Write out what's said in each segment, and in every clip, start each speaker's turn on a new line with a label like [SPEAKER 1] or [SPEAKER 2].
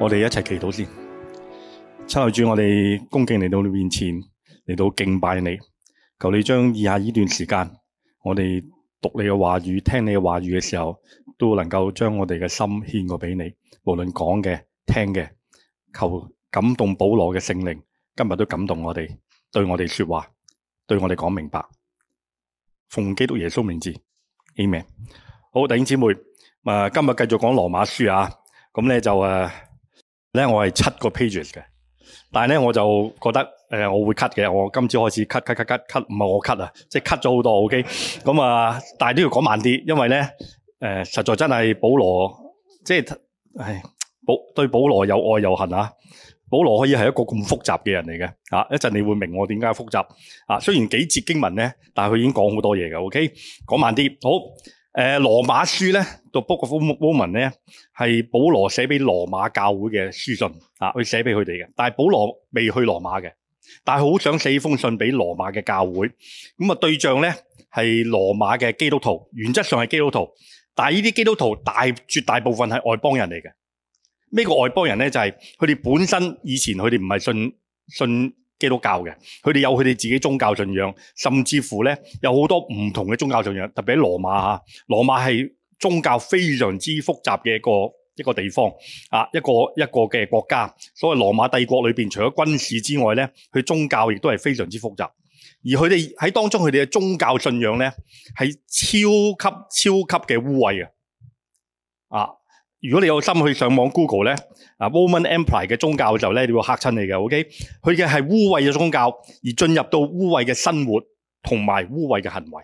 [SPEAKER 1] 我哋一齊祈禱先，親愛的主，我哋恭敬嚟到你面前，嚟到敬拜你，求你將以下呢段時間，我哋讀你嘅話語、聽你嘅話語嘅時候，都能夠將我哋嘅心獻過俾你。無論講嘅、聽嘅，求感動保羅嘅聖靈，今日都感動我哋，對我哋說話，對我哋講明白。奉基督耶穌名字，阿門。好，弟兄姊妹，啊、呃，今日繼續講羅馬書啊，咁咧就誒。呃咧我係七個 pages 嘅，但係咧我就覺得誒、呃、我會 cut 嘅，我今朝開始 cut cut cut cut cut 唔係我 cut 啊，即係 cut 咗好多 OK，咁啊但係都要講慢啲，因為咧誒、呃、實在真係保羅即係誒保對保羅又愛又恨啊，保羅可以係一個咁複雜嘅人嚟嘅啊，一陣你會明我點解複雜啊，雖然幾節經文咧，但係佢已經講好多嘢㗎，OK，講慢啲好。誒羅馬書咧，讀 book of Romans 咧，係保羅寫俾羅馬教會嘅書信啊，去寫俾佢哋嘅。但係保羅未去羅馬嘅，但係好想寫封信俾羅馬嘅教會。咁啊對象咧係羅馬嘅基督徒，原則上係基督徒，但係呢啲基督徒大絕大部分係外邦人嚟嘅。咩叫外邦人咧？就係佢哋本身以前佢哋唔係信信。信基督教嘅，佢哋有佢哋自己宗教信仰，甚至乎咧有好多唔同嘅宗教信仰，特別喺羅馬吓，羅馬係宗教非常之複雜嘅一個一個地方啊，一個一個嘅國家。所謂羅馬帝國裏邊，除咗軍事之外咧，佢宗教亦都係非常之複雜，而佢哋喺當中佢哋嘅宗教信仰咧，係超級超級嘅污穢嘅啊。如果你有心去上網 Google 咧，啊 Roman Empire 嘅宗教嘅時候咧，你會嚇親你嘅，OK？佢嘅係污穢嘅宗教，而進入到污穢嘅生活，同埋污穢嘅行為。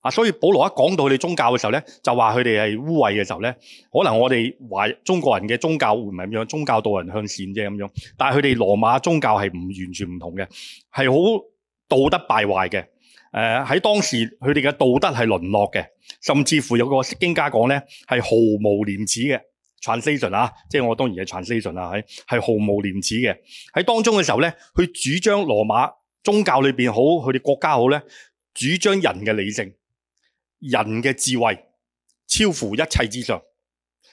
[SPEAKER 1] 啊，所以保羅一講到佢哋宗教嘅時候咧，就話佢哋係污穢嘅時候咧，可能我哋話中國人嘅宗教會唔係咁樣，宗教導人向善啫咁樣，但係佢哋羅馬宗教係唔完全唔同嘅，係好道德敗壞嘅。誒喺、呃、當時佢哋嘅道德係淪落嘅，甚至乎有個釋經家講咧係毫無廉恥嘅。translation 啊，即係我當然係 translation 啊，喺係毫無廉恥嘅。喺當中嘅時候咧，佢主張羅馬宗教裏邊好，佢哋國家好咧，主張人嘅理性、人嘅智慧超乎一切之上，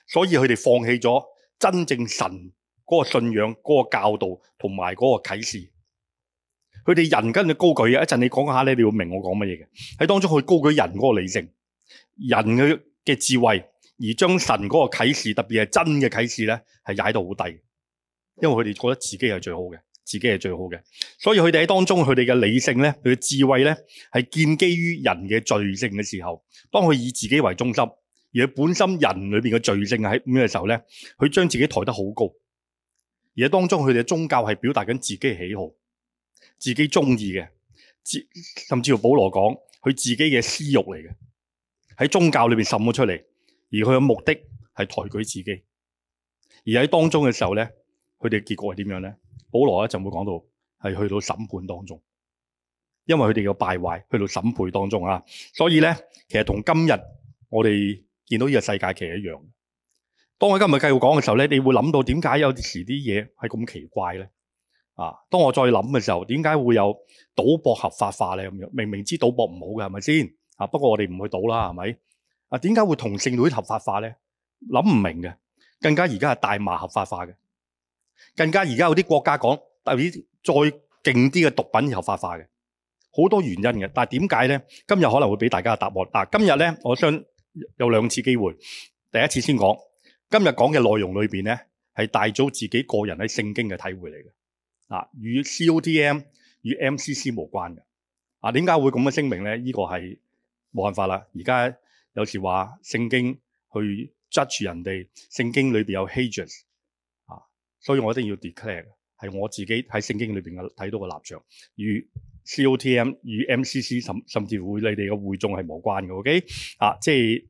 [SPEAKER 1] 所以佢哋放棄咗真正神嗰個信仰、嗰、嗰個教導同埋嗰個啟示。佢哋人跟住高舉嘅，講一陣你講下咧，你會明我講乜嘢嘅。喺當中佢高舉人嗰個理性、人嘅嘅智慧，而將神嗰個啟示，特別係真嘅啟示咧，係踩到好低。因為佢哋覺得自己係最好嘅，自己係最好嘅。所以佢哋喺當中，佢哋嘅理性咧，佢嘅智慧咧，係建基於人嘅罪性嘅時候，當佢以自己為中心，而佢本身人裏邊嘅罪性喺咩時候咧，佢將自己抬得好高，而喺當中佢哋宗教係表達緊自己嘅喜好。自己中意嘅，至甚至乎保羅講佢自己嘅私欲嚟嘅，喺宗教裏邊滲咗出嚟，而佢嘅目的係抬舉自己，而喺當中嘅時候咧，佢哋結果係點樣咧？保羅咧就會講到係去到審判當中，因為佢哋嘅敗壞去到審判當中啊，所以咧其實同今日我哋見到呢個世界其實一樣。當我今日繼續講嘅時候咧，你會諗到點解有時啲嘢係咁奇怪咧？啊！當我再諗嘅時候，點解會有賭博合法化咧？咁樣明明知賭博唔好嘅，係咪先？啊！不過我哋唔去賭啦，係咪？啊！點解會同性戀合法化咧？諗唔明嘅。更加而家係大麻合法化嘅。更加而家有啲國家講，特別再勁啲嘅毒品合法化嘅。好多原因嘅。但係點解咧？今日可能會俾大家嘅答案。啊！今日咧，我想有兩次機會。第一次先講，今日講嘅內容裏邊咧，係帶咗自己個人喺聖經嘅體會嚟嘅。啊，與 COTM 與 MCC 無關嘅。啊，點解會咁嘅聲明咧？呢、呢個係冇辦法啦。而家有時話聖經去 judge 人哋，聖經裏邊有 hages 啊，所以我一定要 declare 係我自己喺聖經裏邊嘅睇到嘅立場，與 COTM 與 MCC 甚甚至乎你哋嘅會眾係無關嘅。OK 啊，即係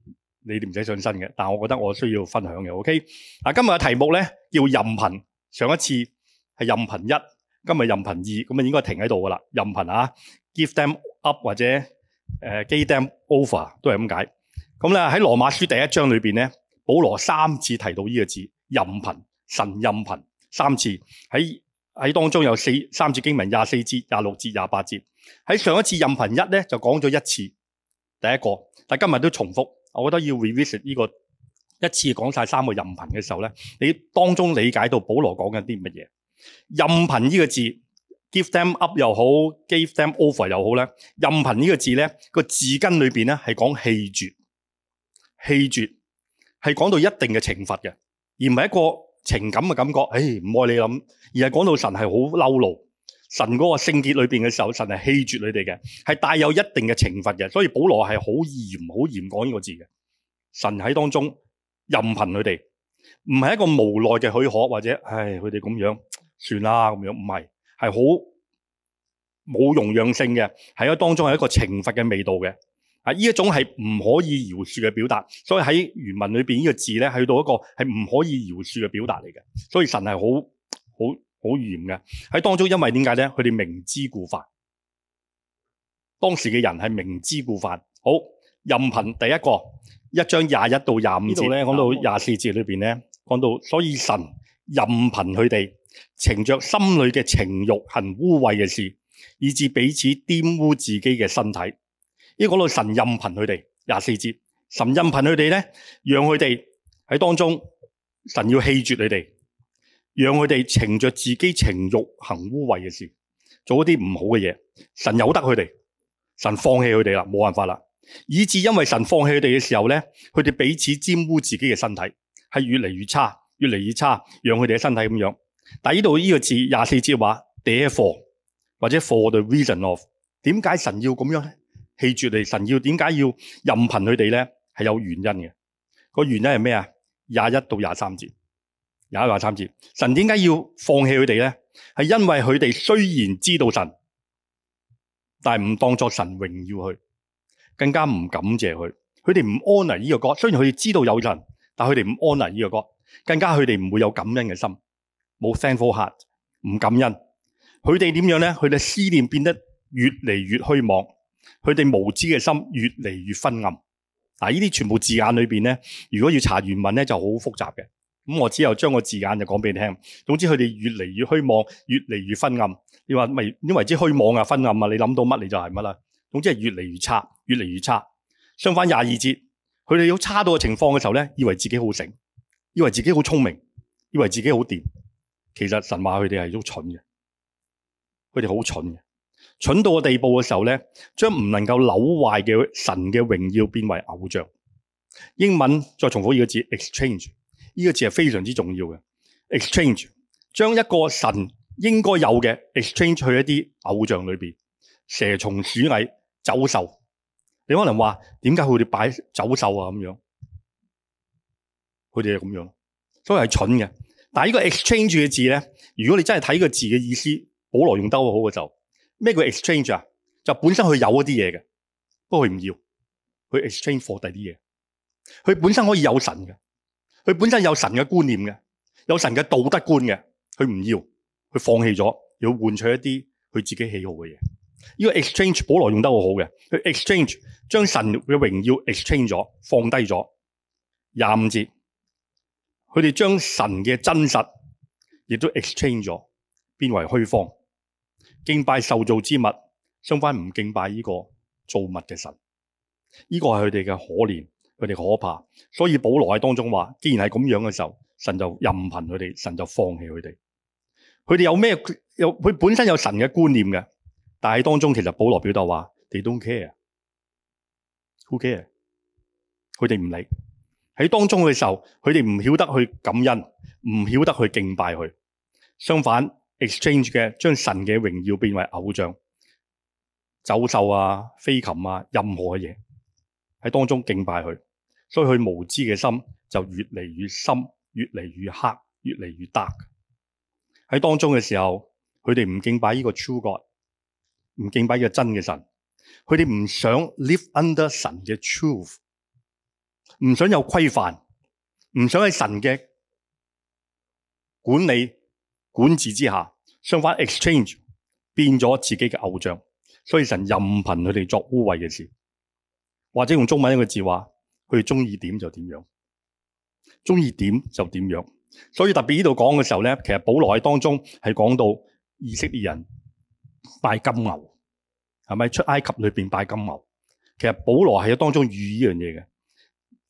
[SPEAKER 1] 你哋唔使上身嘅，但係我覺得我需要分享嘅。OK 啊，今日嘅題目咧要任憑上一次。係任憑一，今日任憑二，咁啊應該停喺度噶啦。任憑啊，give them up 或者誒、呃、，give them over 都係咁解。咁咧喺羅馬書第一章裏邊咧，保羅三次提到呢個字任憑，神任憑三次喺喺當中有四三節經文，廿四節、廿六節、廿八節。喺上一次任憑一咧就講咗一次，第一個，但係今日都重複，我覺得要 revisit 呢、這個一次講晒三個任憑嘅時候咧，你當中理解到保羅講緊啲乜嘢？任憑呢個字，give them up 又好，give them over 又好咧。任憑呢個字咧，個字根裏邊咧係講棄絕，棄絕係講到一定嘅懲罰嘅，而唔係一個情感嘅感覺。唉、哎，唔愛你諗，而係講到神係好嬲怒，神嗰個聖潔裏邊嘅時候，神係棄絕你哋嘅，係帶有一定嘅懲罰嘅。所以保羅係好嚴，好嚴講呢個字嘅。神喺當中任憑佢哋，唔係一個無奈嘅許可或者唉，佢哋咁樣。算啦咁樣，唔係係好冇容讓性嘅，喺當中係一個懲罰嘅味道嘅。啊，呢一種係唔可以饒恕嘅表達，所以喺原文裏邊呢個字咧，去到一個係唔可以饒恕嘅表達嚟嘅。所以神係好好好嚴嘅，喺當中因為點解咧？佢哋明知故犯，當時嘅人係明知故犯。好，任憑第一個一章廿一到廿五節咧，講到廿四節裏邊咧，講到所以神任憑佢哋。情着心裏嘅情欲行污穢嘅事，以致彼此玷污自己嘅身體。呢講到神任憑佢哋廿四節，神任憑佢哋咧，讓佢哋喺當中，神要棄絕你哋，讓佢哋情着自己情欲行污穢嘅事，做一啲唔好嘅嘢。神有得佢哋，神放棄佢哋啦，冇辦法啦，以致因為神放棄佢哋嘅時候咧，佢哋彼此沾污自己嘅身體，係越嚟越差，越嚟越差，讓佢哋嘅身體咁樣。但呢度呢個字廿四節話，therefore 或者 for the reason of 點解神要咁樣呢？棄絕嚟神要點解要任憑佢哋呢？係有原因嘅。個原因係咩啊？廿一到廿三節廿一到廿三節，神點解要放棄佢哋呢？係因為佢哋雖然知道神，但係唔當作神榮耀佢，更加唔感謝佢。佢哋唔 honour 呢個歌，雖然佢哋知道有神，但係佢哋唔 honour 呢個歌，更加佢哋唔會有感恩嘅心。冇 thankful 心，唔感恩，佢哋點樣咧？佢哋思念變得越嚟越虛妄，佢哋無知嘅心越嚟越昏暗。嗱，呢啲全部字眼裏邊咧，如果要查原文咧就好複雜嘅。咁我之後將個字眼就講俾你聽。總之，佢哋越嚟越虛妄，越嚟越昏暗。你話為點為之虛妄啊？昏暗啊？你諗到乜你就係乜啦。總之係越嚟越差，越嚟越差。相反節，廿二節，佢哋有差到嘅情況嘅時候咧，以為自己好醒，以為自己好聰明，以為自己好掂。其實神話佢哋係都蠢嘅，佢哋好蠢嘅，蠢到個地步嘅時候咧，將唔能夠扭壞嘅神嘅榮耀變為偶像。英文再重複依個字，exchange 呢、呢個字係非常之重要嘅。exchange 將一個神應該有嘅 exchange 去一啲偶像裏邊，蛇蟲鼠蟻，蟻、走獸，你可能話點解佢哋擺走獸啊咁樣？佢哋係咁樣，所以係蠢嘅。但係呢個 exchange 嘅字咧，如果你真係睇呢個字嘅意思，保羅用得好好嘅就咩叫 exchange 啊？就本身佢有一啲嘢嘅，不過佢唔要，佢 exchange for 第啲嘢。佢本身可以有神嘅，佢本身有神嘅觀念嘅，有神嘅道德觀嘅，佢唔要，佢放棄咗，要換取一啲佢自己喜好嘅嘢。呢個 exchange，保羅用得好好嘅，佢 exchange 將神嘅榮耀 exchange 咗，放低咗廿五節。佢哋將神嘅真實，亦都 exchange 咗，變為虛謊，敬拜受造之物，相反唔敬拜呢個造物嘅神。呢個係佢哋嘅可憐，佢哋可怕。所以保羅喺當中話：既然係咁樣嘅時候，神就任憑佢哋，神就放棄佢哋。佢哋有咩？有佢本身有神嘅觀念嘅，但係當中其實保羅表達話：你都唔 care，who care，佢哋唔理。喺當中嘅時候，佢哋唔曉得去感恩，唔曉得去敬拜佢。相反，exchange 嘅將神嘅榮耀變為偶像、走獸啊、飛禽啊，任何嘢喺當中敬拜佢。所以佢無知嘅心就越嚟越深、越嚟越黑、越嚟越 dark。喺當中嘅時候，佢哋唔敬拜呢個 true God，唔敬拜呢個真嘅神，佢哋唔想 live under 神嘅 truth。唔想有規範，唔想喺神嘅管理管治之下，相反 exchange 變咗自己嘅偶像，所以神任憑佢哋作污穢嘅事，或者用中文一個字話，佢哋中意點就點樣，中意點就點樣。所以特別呢度講嘅時候咧，其實保羅喺當中係講到以色列人拜金牛，係咪出埃及裏邊拜金牛？其實保羅係喺當中寓意呢樣嘢嘅。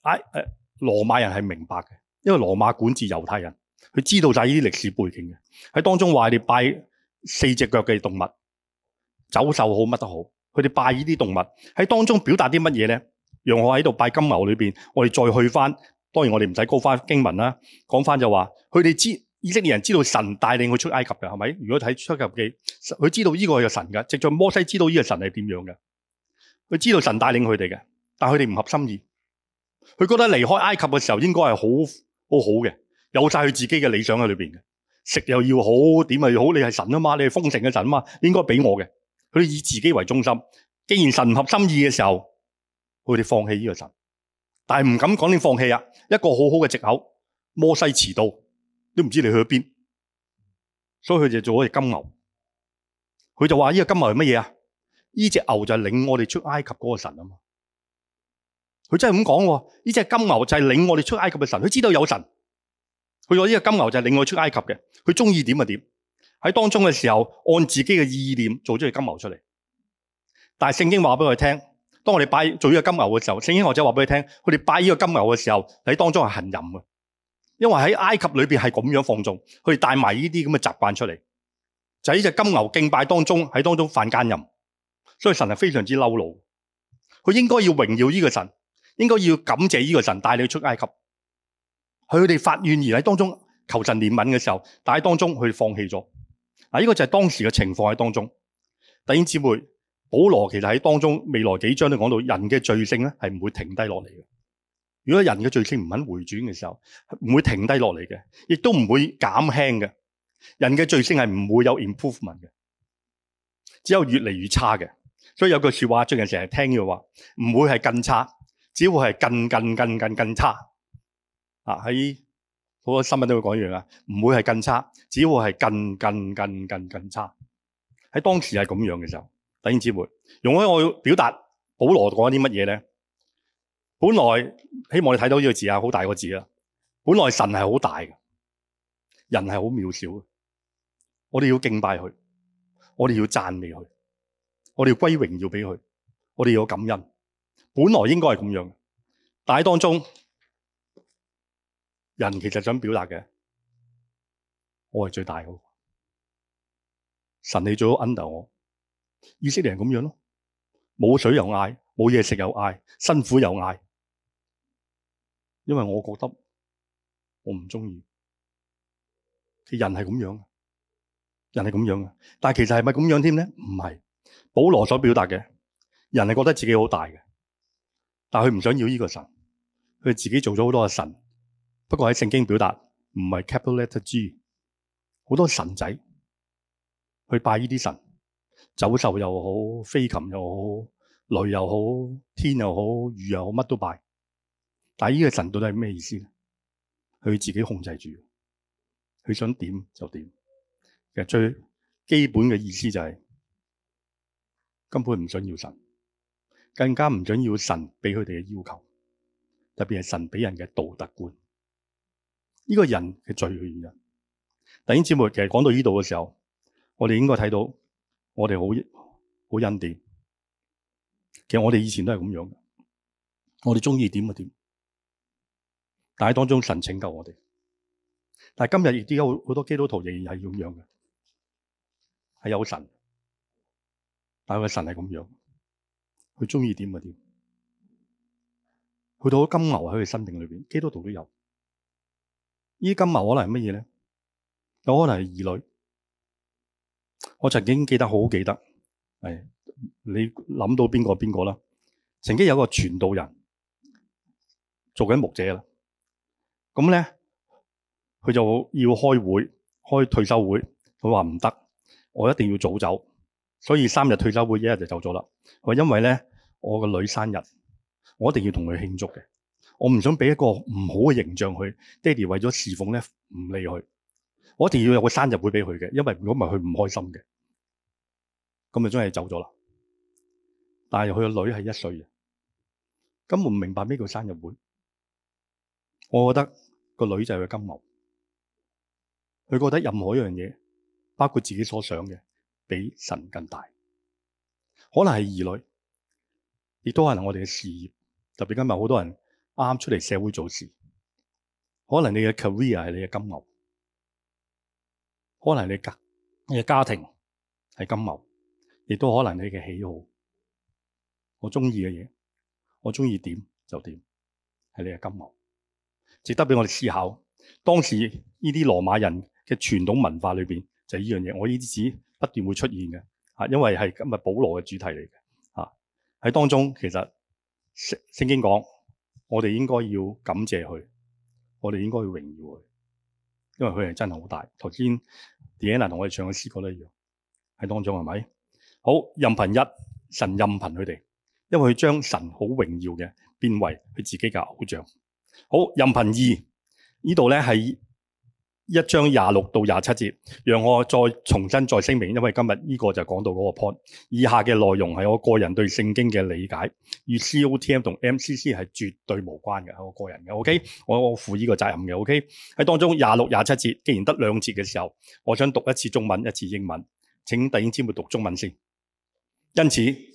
[SPEAKER 1] 唉，誒、啊，羅馬人係明白嘅，因為羅馬管治猶太人，佢知道曬呢啲歷史背景嘅。喺當中話，你拜四隻腳嘅動物，走獸好，乜都好，佢哋拜呢啲動物。喺當中表達啲乜嘢咧？讓我喺度拜金牛裏邊，我哋再去翻。當然我哋唔使高翻經文啦，講翻就話，佢哋知以色列人知道神帶領佢出埃及嘅，係咪？如果睇出埃及記，佢知道呢個係神嘅。藉著摩西知道呢個神係點樣嘅，佢知道神帶領佢哋嘅，但佢哋唔合心意。佢覺得離開埃及嘅時候應該係好好好嘅，有晒佢自己嘅理想喺裏邊嘅，食又要好，點又要好，你係神啊嘛，你係豐盛嘅神啊嘛，應該俾我嘅。佢以自己為中心，既然神唔合心意嘅時候，佢哋放棄呢個神，但係唔敢講你放棄啊。一個好好嘅藉口，摩西遲到，都唔知你去咗邊，所以佢就做咗隻金牛。佢就話：呢個金牛係乜嘢啊？呢隻牛就係領我哋出埃及嗰個神啊嘛。佢真係咁講，呢隻金牛就係領我哋出埃及嘅神，佢知道有神。佢話呢隻金牛就係領我出埃及嘅，佢中意點就點。喺當中嘅時候，按自己嘅意念做咗隻金牛出嚟。但係聖經話俾我哋聽，當我哋拜做呢隻金牛嘅時候，聖經學者話俾佢聽，佢哋拜呢個金牛嘅時候喺當中係行淫嘅，因為喺埃及裏邊係咁樣放縱，佢哋帶埋呢啲咁嘅習慣出嚟。就喺呢隻金牛敬拜當中，喺當中犯奸淫，所以神係非常之嬲怒。佢應該要榮耀呢個神。應該要感謝呢個神帶你出埃及，佢哋發怨言喺當中求神憐憫嘅時候，但喺當中佢哋放棄咗。嗱，呢個就係當時嘅情況喺當中。弟兄姊妹，保羅其實喺當中未來幾章都講到，人嘅罪性咧係唔會停低落嚟嘅。如果人嘅罪性唔肯回轉嘅時候，唔會停低落嚟嘅，亦都唔會減輕嘅。人嘅罪性係唔會有 improvement 嘅，只有越嚟越差嘅。所以有句說話最近成日聽嘅話，唔會係更差。只會係更更更更更差啊！喺好多新聞都會講一樣啊，唔會係更差，只會係更更更更更差。喺當時係咁樣嘅時候，弟兄姊妹，用開我要表達保羅講啲乜嘢咧？本來希望你睇到呢個字啊，好大個字啊！本來神係好大嘅，人係好渺小嘅，我哋要敬拜佢，我哋要讚美佢，我哋要歸榮耀俾佢，我哋要有感恩。本來應該係咁樣嘅，但係當中，人其實想表達嘅，我係最大嘅，神你最好 under 我，以色列人咁樣咯，冇水又嗌，冇嘢食又嗌，辛苦又嗌，因為我覺得我唔中意，人係咁樣啊，人係咁樣啊，但其實係咪咁樣添咧？唔係，保羅所表達嘅，人係覺得自己好大嘅。但佢唔想要呢個神，佢自己做咗好多嘅神，不過喺聖經表達唔係 capital letter G。好多神仔去拜呢啲神，走獸又好，飛禽又好，雷又好，天又好，雨又好，乜都拜。但呢個神到底係咩意思咧？佢自己控制住，佢想點就點。其實最基本嘅意思就係、是、根本唔想要神。更加唔准要神俾佢哋嘅要求，特別係神俾人嘅道德觀，呢、這個人嘅罪源噶。弟兄姊妹，其實講到呢度嘅時候，我哋應該睇到我哋好好恩典。其實我哋以前都係咁樣，我哋中意點就點，但係當中神拯救我哋。但係今日亦都有好多基督徒仍然係咁樣嘅，係有神，但係神係咁樣。佢中意點咪點，去到金牛喺佢身定裏邊，基督徒都有。呢金牛可能係乜嘢咧？有可能係兒女。我曾經記得好好記得，係你諗到邊個邊個啦？曾經有個傳道人做緊牧者啦，咁咧佢就要開會開退休會，佢話唔得，我一定要早走。所以三日退休會一日就走咗啦。我因為咧我個女生日，我一定要同佢慶祝嘅。我唔想俾一個唔好嘅形象。去爹哋為咗侍奉咧唔理佢，我一定要有個生日會俾佢嘅。因為如果唔係佢唔開心嘅，咁就真係走咗啦。但係佢個女係一歲嘅，根本唔明白咩叫生日會。我覺得個女就係個金毛，佢覺得任何一樣嘢，包括自己所想嘅，比神更大，可能係兒女，亦都可能我哋嘅事業。特別今日好多人啱啱出嚟社會做事，可能你嘅 career 係你嘅金牛，可能你家你嘅家庭係金牛，亦都可能你嘅喜好，我中意嘅嘢，我中意點就點，係你嘅金牛，值得俾我哋思考。當時呢啲羅馬人嘅傳統文化裏邊就係呢樣嘢，我呢啲指。不斷會出現嘅，啊，因為係今日保羅嘅主題嚟嘅，啊，喺當中其實聖聖經講，我哋應該要感謝佢，我哋應該要榮耀佢，因為佢係真係好大。頭先 Diana 同我哋唱嘅詩歌都一樣，喺當中係咪？好，任憑一，神任憑佢哋，因為佢將神好榮耀嘅變為佢自己嘅偶像。好，任憑二呢度咧係。一章廿六到廿七節，讓我再重新再聲明，因為今日呢個就講到嗰個 point。以下嘅內容係我個人對聖經嘅理解，與 COTM 同 MCC 係絕對無關嘅，係我個人嘅，OK？我我負呢個責任嘅，OK？喺當中廿六廿七節，既然得兩節嘅時候，我想讀一次中文，一次英文，請弟兄姊妹讀中文先。因此。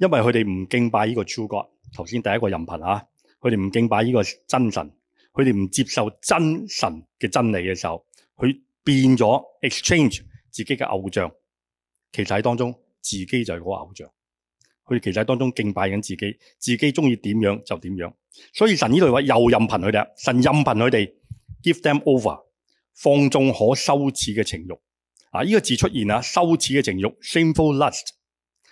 [SPEAKER 1] 因為佢哋唔敬拜呢個 true God，頭先第一個任憑吓，佢哋唔敬拜呢個真神，佢哋唔接受真神嘅真理嘅時候，佢變咗 exchange 自己嘅偶像，其實喺當中自己就係嗰個偶像，佢哋其實喺當中敬拜緊自己，自己中意點樣就點樣，所以神呢句話又任憑佢哋，神任憑佢哋 give them over，放縱可羞恥嘅情欲，啊、這、呢個字出現啊，羞恥嘅情欲 shameful lust。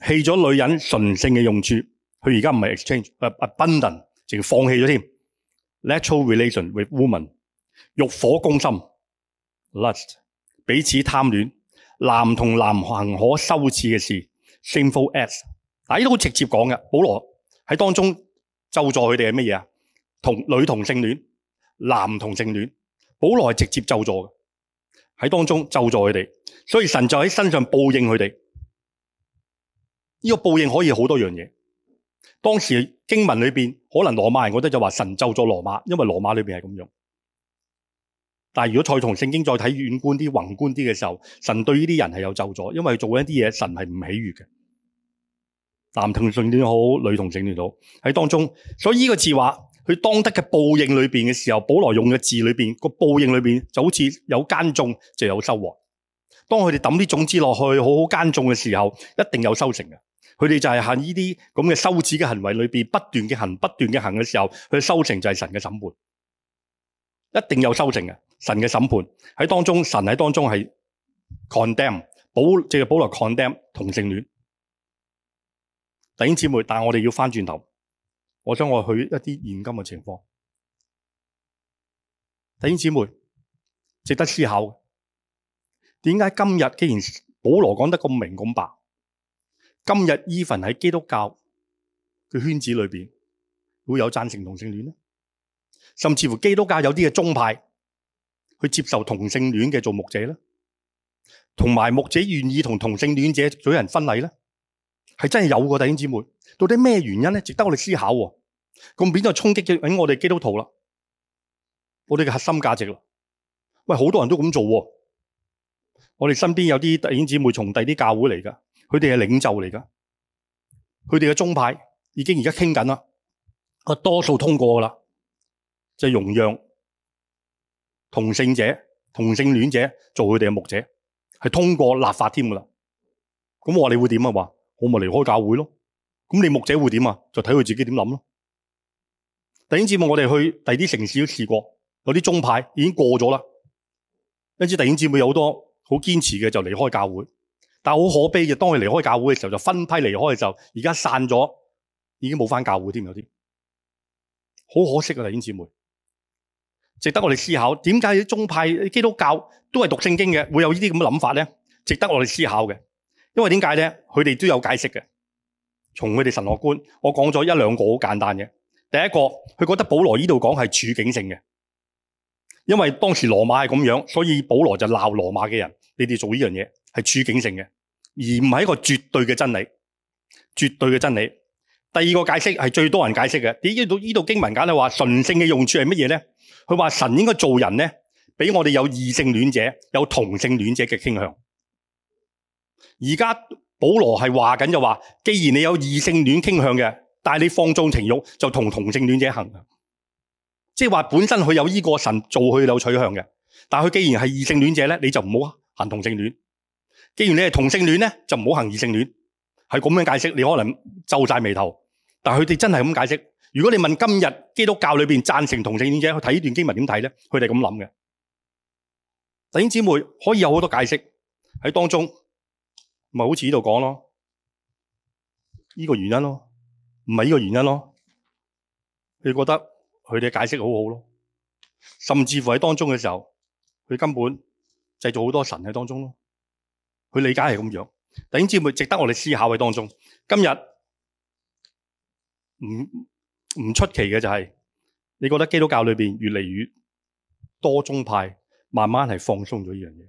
[SPEAKER 1] 棄咗女人純性嘅用處，佢而家唔係 exchange，唔 abandon 淨放棄咗添。natural relation with woman，欲火攻心，lust，彼此貪戀，男同男行可羞恥嘅事 sexual acts，大家都好直接講嘅。保羅喺當中咒詛佢哋係咩嘢啊？同女同性戀，男同性戀，保羅係直接咒詛嘅，喺當中咒詛佢哋，所以神就喺身上報應佢哋。呢個報應可以好多樣嘢。當時經文裏邊可能羅馬人覺得就話神咒咗羅馬，因為羅馬裏邊係咁樣。但係如果再同聖經再睇遠觀啲宏觀啲嘅時候，神對呢啲人係有咒咗，因為做一啲嘢神係唔喜悅嘅。男同性戀好，女同性戀好，喺當中。所以呢個字話佢當得嘅報應裏邊嘅時候，保羅用嘅字裏邊個報應裏邊就好似有耕種，就有收穫。當佢哋抌啲種子落去好好耕種嘅時候，一定有收成嘅。佢哋就係行呢啲咁嘅羞恥嘅行為裏邊，不斷嘅行，不斷嘅行嘅時候，佢修成就係神嘅審判，一定有修成嘅。神嘅審判喺當中，神喺當中係 condemn，保即係保羅 condemn 同性戀。弟兄姊妹，但係我哋要翻轉頭，我想我去一啲現今嘅情況。弟兄姊妹，值得思考，點解今日既然保羅講得咁明咁白？今日伊 v 喺基督教嘅圈子裏邊，會有贊成同性戀咧，甚至乎基督教有啲嘅宗派去接受同性戀嘅做牧者咧，同埋牧者願意同同性戀者舉行婚禮咧，係真係有嘅弟兄姊妹。到底咩原因咧？值得我哋思考喎。咁變咗衝擊喺我哋基督徒啦，我哋嘅核心價值。喂，好多人都咁做，我哋身邊有啲弟兄姊妹從第啲教會嚟噶。佢哋係領袖嚟噶，佢哋嘅宗派已經而家傾緊啦，個多數通過啦，就係容讓同性者、同性戀者做佢哋嘅牧者，係通過立法添噶啦。咁我話你會點啊？話我咪離開教會咯。咁你牧者會點啊？就睇佢自己點諗咯。弟兄姊妹，我哋去第二啲城市都試過，有啲宗派已經過咗啦。因此，弟兄姊妹有好多好堅持嘅就離開教會。但好可悲嘅，當佢離開教會嘅時候，就分批離開嘅時候，而家散咗，已經冇翻教會添，有啲好可惜啊！弟兄姊妹，值得我哋思考，點解啲宗派基督教都係讀聖經嘅，會有呢啲咁嘅諗法咧？值得我哋思考嘅，因為點解咧？佢哋都有解釋嘅，從佢哋神學觀，我講咗一兩個好簡單嘅。第一個，佢覺得保羅呢度講係處境性嘅，因為當時羅馬係咁樣，所以保羅就鬧羅馬嘅人，你哋做呢樣嘢。係處境性嘅，而唔係一個絕對嘅真理。絕對嘅真理。第二個解釋係最多人解釋嘅。你解到呢度經文簡單話純性嘅用處係乜嘢呢？佢話神應該做人呢，俾我哋有異性戀者、有同性戀者嘅傾向。而家保羅係話緊就話，既然你有異性戀傾向嘅，但係你放縱情慾就同同性戀者行。即係話本身佢有呢個神做佢有取向嘅，但係佢既然係異性戀者呢，你就唔好行同性戀。既然你係同性戀咧，就唔好行異性戀，係咁樣解釋，你可能皺晒眉頭。但係佢哋真係咁解釋。如果你問今日基督教裏面贊成同性戀者去睇呢段經文點睇咧，佢哋咁諗嘅。弟兄姊妹可以有好多解釋喺當中，咪好似呢度講咯，呢個原因咯，唔係呢個原因咯，佢覺得佢哋解釋好好咯，甚至乎喺當中嘅時候，佢根本製造好多神喺當中咯。佢理解係咁樣，弟兄姊妹值得我哋思考喺當中。今日唔唔出奇嘅就係、是，你覺得基督教裏邊越嚟越多宗派，慢慢係放鬆咗呢樣嘢。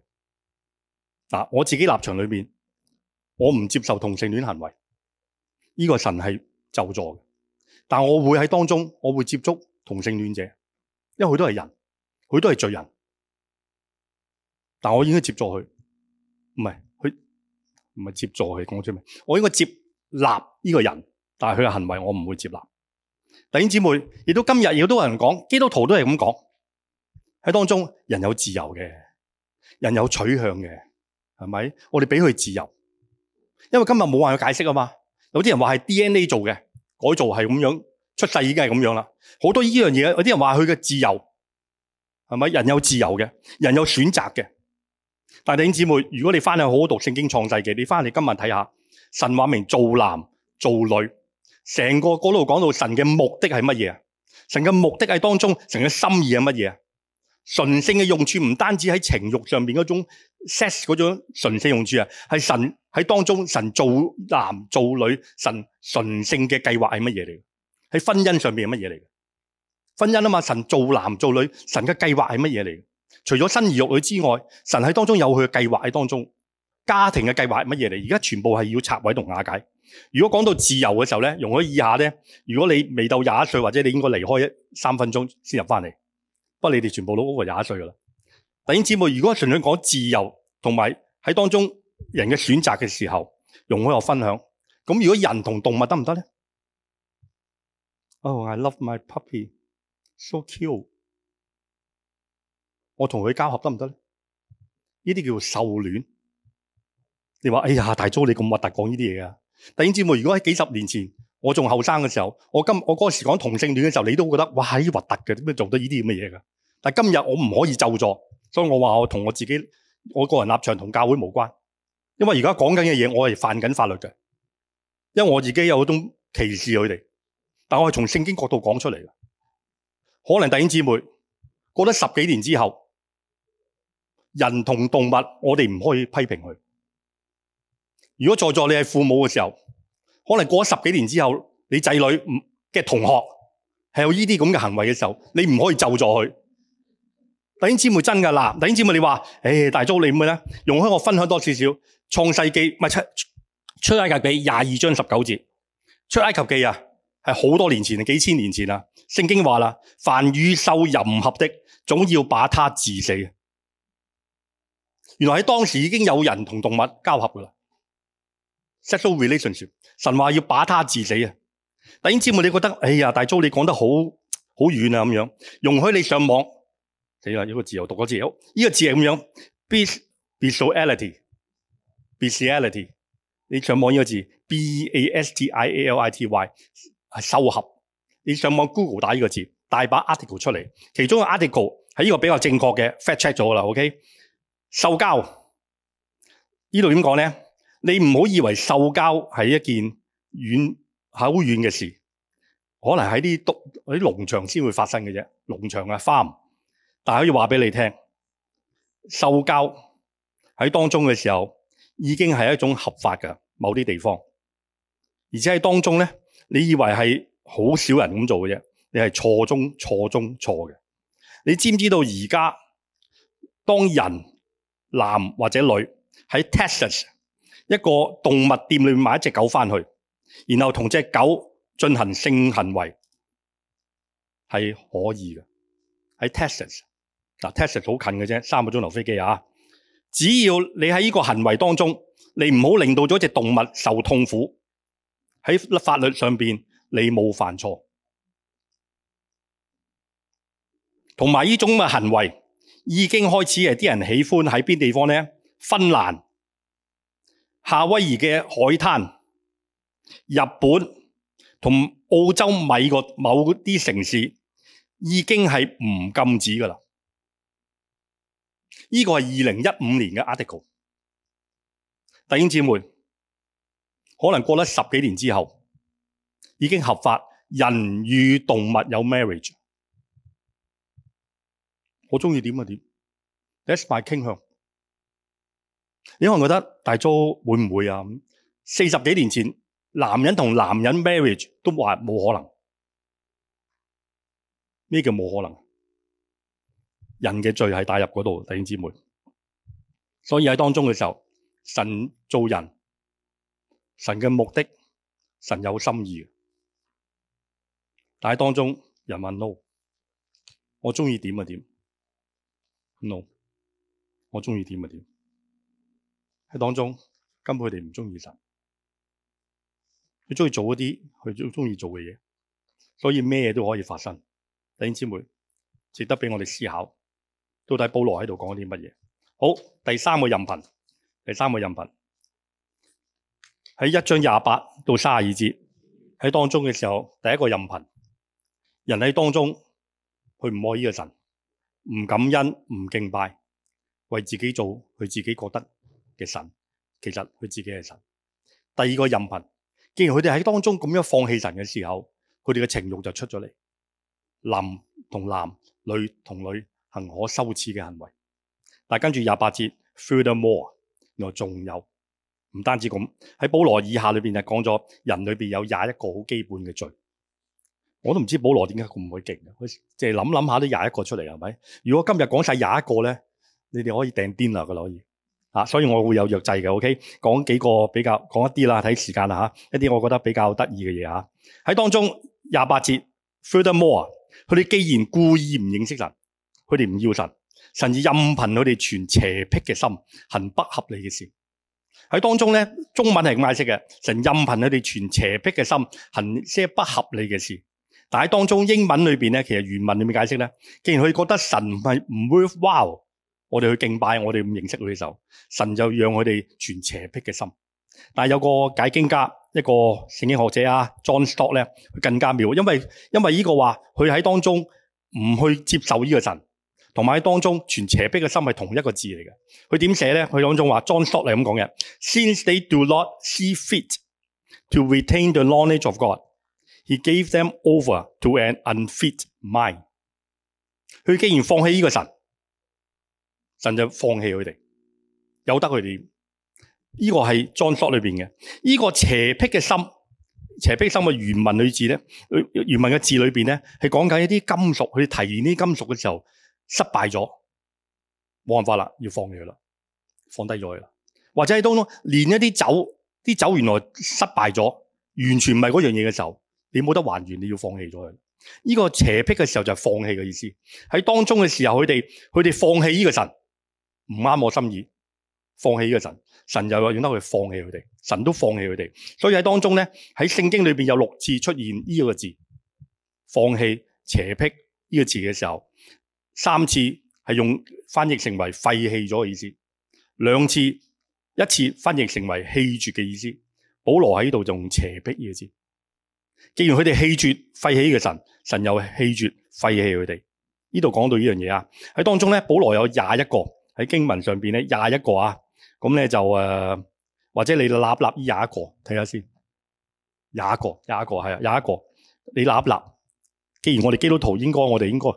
[SPEAKER 1] 嗱、啊，我自己立場裏邊，我唔接受同性戀行為，呢、這個神係救助，但我會喺當中，我會接觸同性戀者，因為佢都係人，佢都係罪人，但我應該接觸佢，唔係。唔係接助佢講出咩，我應該接納呢個人，但係佢嘅行為我唔會接納。弟兄姊妹，亦都今日亦都有人講，基督徒都係咁講。喺當中，人有自由嘅，人有取向嘅，係咪？我哋俾佢自由，因為今日冇話去解釋啊嘛。有啲人話係 DNA 做嘅改造，係咁樣出世已經係咁樣啦。好多呢樣嘢，有啲人話佢嘅自由，係咪？人有自由嘅，人有選擇嘅。但係弟兄姊妹，如果你翻去好好讀聖經創世紀，你翻嚟，今日睇下，神話明做男做女，成個嗰度講到神嘅目的係乜嘢啊？神嘅目的係當中，神嘅心意係乜嘢啊？純性嘅用處唔單止喺情欲上邊嗰種 sex 嗰種純性用處啊，係神喺當中神做男做女，神純性嘅計劃係乜嘢嚟？喺婚姻上邊係乜嘢嚟？婚姻啊嘛，神做男做女，神嘅計劃係乜嘢嚟？除咗生兒育女之外，神喺當中有佢嘅計劃喺當中，家庭嘅計劃係乜嘢嚟？而家全部係要拆毀同瓦解。如果講到自由嘅時候咧，容許以下咧，如果你未到廿一歲，或者你應該離開三分鐘先入翻嚟。不過你哋全部都 over 廿一歲噶啦。弟兄姊妹，如果純粹講自由同埋喺當中人嘅選擇嘅時候，容許我分享。咁如果人同動物得唔得咧？Oh, I love my puppy. So cute. 我同佢交合得唔得咧？呢啲叫做受戀。你話：哎呀，大租你咁核突講呢啲嘢㗎！弟兄姊妹，如果喺幾十年前，我仲後生嘅時候，我今我嗰陣時講同性戀嘅時候，你都會覺得哇，呢啲核突嘅，點解做到呢啲咁嘅嘢㗎？但係今日我唔可以就坐，所以我話我同我自己，我個人立場同教會無關，因為而家講緊嘅嘢，我係犯緊法律嘅，因為我自己有種歧視佢哋，但我係從聖經角度講出嚟嘅。可能弟兄姊妹過咗十幾年之後。人同動物，我哋唔可以批評佢。如果在座你係父母嘅時候，可能過咗十幾年之後，你仔女嘅同學係有呢啲咁嘅行為嘅時候，你唔可以救助佢。弟兄姊妹真噶啦，弟兄姊妹你話，誒、欸、大周你唔好容許我分享多少少《創世記》唔係《出出埃及記》廿二章十九節，《出埃及記》啊係好多年前，幾千年前啦、啊。聖經話啦，凡與獸淫合的，總要把他治死。原來喺當時已經有人同動物交合噶啦，sexual relations。神話要把它致死啊！弟兄姊妹，你覺得哎呀，大租，你講得好好遠啊咁樣？容許你上網，死啦！呢個自由讀個字，呢個字係咁樣，beastiality，beastiality。你上網呢個字，b-a-s-t-i-a-l-i-t-y 係修合。你上網 Google 打呢個字，大把 article 出嚟，其中個 article 係呢個比較正確嘅 fact check 咗噶啦，OK。受交呢度點講咧？你唔好以為受交係一件遠好遠嘅事，可能喺啲毒喺農場先會發生嘅啫。農場啊花，Farm, 但係可以話俾你聽，受交喺當中嘅時候，已經係一種合法嘅某啲地方，而且喺當中咧，你以為係好少人咁做嘅啫，你係錯中錯中錯嘅。你知唔知道而家當人？男或者女喺 Texas 一個動物店裏面買一隻狗翻去，然後同隻狗進行性行為係可以嘅喺 Texas 嗱，Texas 好近嘅啫，三個鐘頭飛機啊！只要你喺呢個行為當中，你唔好令到咗隻動物受痛苦，喺法律上邊你冇犯錯，同埋呢種嘅行為。已經開始係啲人喜歡喺邊地方呢？芬蘭、夏威夷嘅海灘、日本同澳洲、美國某啲城市已經係唔禁止㗎喇。呢個係二零一五年嘅 article。弟兄姊妹，可能過咗十幾年之後，已經合法人與動物有 marriage。我中意點就點。That's my 傾向，因為我覺得大眾會唔會啊？四十幾年前，男人同男人 marriage 都話冇可能。咩叫冇可能？人嘅罪係帶入嗰度，弟兄姊妹。所以喺當中嘅時候，神做人，神嘅目的，神有心意。但喺當中，人問 no，我中意點就點。no，我中意點就點。喺當中根本佢哋唔中意神，佢中意做嗰啲佢中意做嘅嘢，所以咩都可以發生。弟兄姊妹，值得俾我哋思考，到底保羅喺度講啲乜嘢？好，第三個任憑，第三個任憑，喺一章廿八到卅二節喺當中嘅時候，第一個任憑，人喺當中佢唔愛呢個神。唔感恩、唔敬拜，為自己做佢自己覺得嘅神，其實佢自己係神。第二個任憑，既然佢哋喺當中咁樣放棄神嘅時候，佢哋嘅情欲就出咗嚟，男同男女同女行可羞恥嘅行為。但跟住廿八節，Furthermore，原來仲有唔單止咁，喺保羅以下裏邊就講咗人裏邊有廿一個好基本嘅罪。我都唔知保羅點解佢咁鬼勁，佢即係諗諗下都廿一個出嚟係咪？如果今日講晒廿一個咧，你哋可以訂癲啦，佢可以吓、啊，所以我會有約制嘅。OK，講幾個比較講一啲啦，睇時間啦吓，一啲我覺得比較得意嘅嘢吓。喺、啊、當中廿八節，Furthermore，佢哋既然故意唔認識神，佢哋唔要神，甚至任憑佢哋存邪僻嘅心，行不合理嘅事。喺當中咧，中文係咁解釋嘅，神任憑佢哋存邪僻嘅心，行些不合理嘅事。但喺當中英文裏邊咧，其實原文點樣解釋咧？既然佢覺得神唔係唔 worthwhile，我哋去敬拜，我哋唔認識佢嘅時候，神就讓佢哋全邪僻嘅心。但係有個解經家，一個聖經學者啊，John Stott 咧，佢更加妙，因為因為呢個話，佢喺當中唔去接受呢個神，同埋喺當中全邪僻嘅心係同一個字嚟嘅。佢點寫咧？佢當中話 John Stott 係咁講嘅：Since they do not see fit to retain the knowledge of God。He gave them over to an unfit mind。佢既然放棄呢個神，甚至放棄佢哋，由得佢哋。呢、這個係莊索裏邊嘅。呢、這個邪癖嘅心，邪僻心嘅原文裏邊咧，原文嘅字裏邊咧，係講緊一啲金屬，佢提煉啲金屬嘅時候失敗咗，冇辦法啦，要放棄佢啦，放低咗佢啦。或者喺當中煉一啲酒，啲酒原來失敗咗，完全唔係嗰樣嘢嘅時候。你冇得還原，你要放棄咗佢。呢、呢個邪僻嘅時候就係放棄嘅意思。喺當中嘅時候，佢哋佢哋放棄呢個神，唔啱我心意，放棄呢個神，神又話要得佢放棄佢哋，神都放棄佢哋。所以喺當中咧，喺聖經裏邊有六次出現呢個字，放棄、邪僻呢個字嘅時候，三次係用翻譯成為廢棄咗嘅意思，兩次一次翻譯成為棄絕嘅意思。保羅喺度用邪僻呢個字。既然佢哋棄絕廢棄嘅神，神又棄絕廢棄佢哋，呢度講到呢樣嘢啊。喺當中咧，保羅有廿一個喺經文上邊咧，廿一個啊，咁咧就誒、呃，或者你立立呢廿一個，睇下先，廿一個廿一個係啊廿一個，你立立。既然我哋基督徒，應該我哋應該，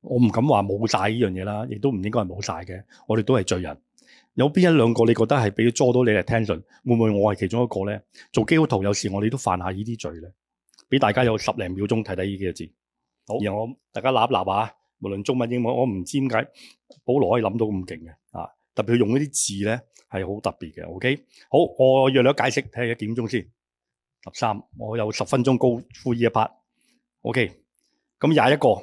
[SPEAKER 1] 我唔敢話冇晒呢樣嘢啦，亦都唔應該係冇晒嘅，我哋、啊、都係罪人。有邊一兩個你覺得係俾佢捉到你 attention？會唔會我係其中一個咧？做基督徒有時我哋都犯下呢啲罪咧？俾大家有十零秒鐘睇睇呢幾個字。好，然後我大家揦揦下，無論中文英文，我唔知點解保羅可以諗到咁勁嘅啊！特別用呢啲字咧，係好特別嘅。OK，好，我約你解釋睇下一點鐘先。十三，我有十分鐘高呼呢一 part。OK，咁廿一個，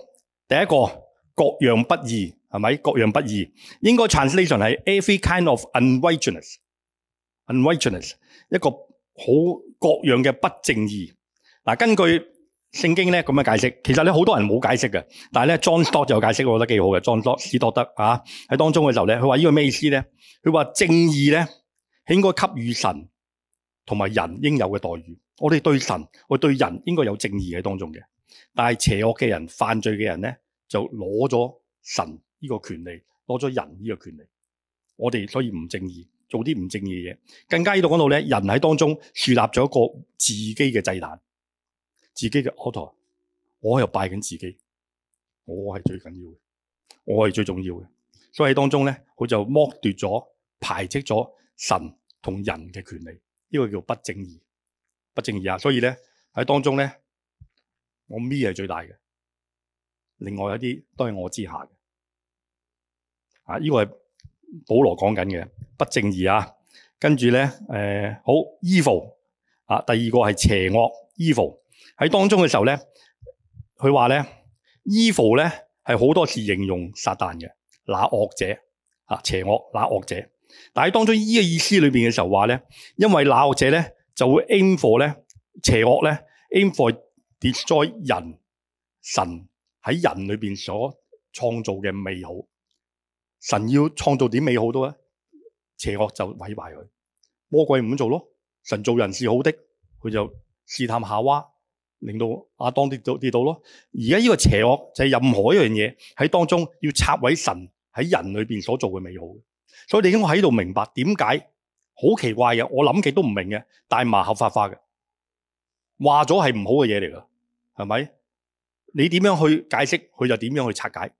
[SPEAKER 1] 第一個各樣不義。係咪各樣不義？應該 translation 係 every kind of unrighteousness，unrighteousness 一個好各樣嘅不正義。嗱、啊，根據聖經咧咁樣解釋，其實咧好多人冇解釋嘅，但係咧 John Stott 就有解釋，我覺得幾好嘅。John Stott、斯多德啊，喺當中嘅時候咧，佢話呢個咩意思咧？佢話正義咧，係應該給予神同埋人應有嘅待遇。我哋對神，我哋對人應該有正義喺當中嘅。但係邪惡嘅人、犯罪嘅人咧，就攞咗神，呢個權利攞咗人呢個權利，我哋所以唔正義，做啲唔正義嘅嘢。更加呢度講到咧，人喺當中樹立咗一個自己嘅祭壇，自己嘅 altar，我喺度拜緊自己，我係最緊要嘅，我係最重要嘅。所以喺當中咧，佢就剝奪咗、排斥咗神同人嘅權利，呢個叫不正義、不正義啊。所以咧喺當中咧，我咪係最大嘅，另外一啲都係我之下嘅。啊！呢、這個係保羅講緊嘅不正義啊，跟住咧，誒、呃，好 evil 啊，第二個係邪惡 evil 喺當中嘅時候咧，佢話咧 evil 咧係好多次形容撒旦嘅那惡者啊，邪惡那惡者。但係當中呢個意思裏邊嘅時候話咧，因為那惡者咧就會 aim for 咧邪惡咧 aim for destroy 人神喺人裏邊所創造嘅美好。神要創造點美好都咧？邪惡就毀壞佢，魔鬼唔做咯。神做人是好的，佢就試探夏娃，令到亞當跌到跌到咯。而家呢個邪惡就係任何一樣嘢喺當中要拆毀神喺人裏邊所做嘅美好。所以你應該喺度明白點解好奇怪嘅，我諗極都唔明嘅，但係大麻合法化嘅話咗係唔好嘅嘢嚟㗎，係咪？你點樣去解釋，佢就點樣去拆解，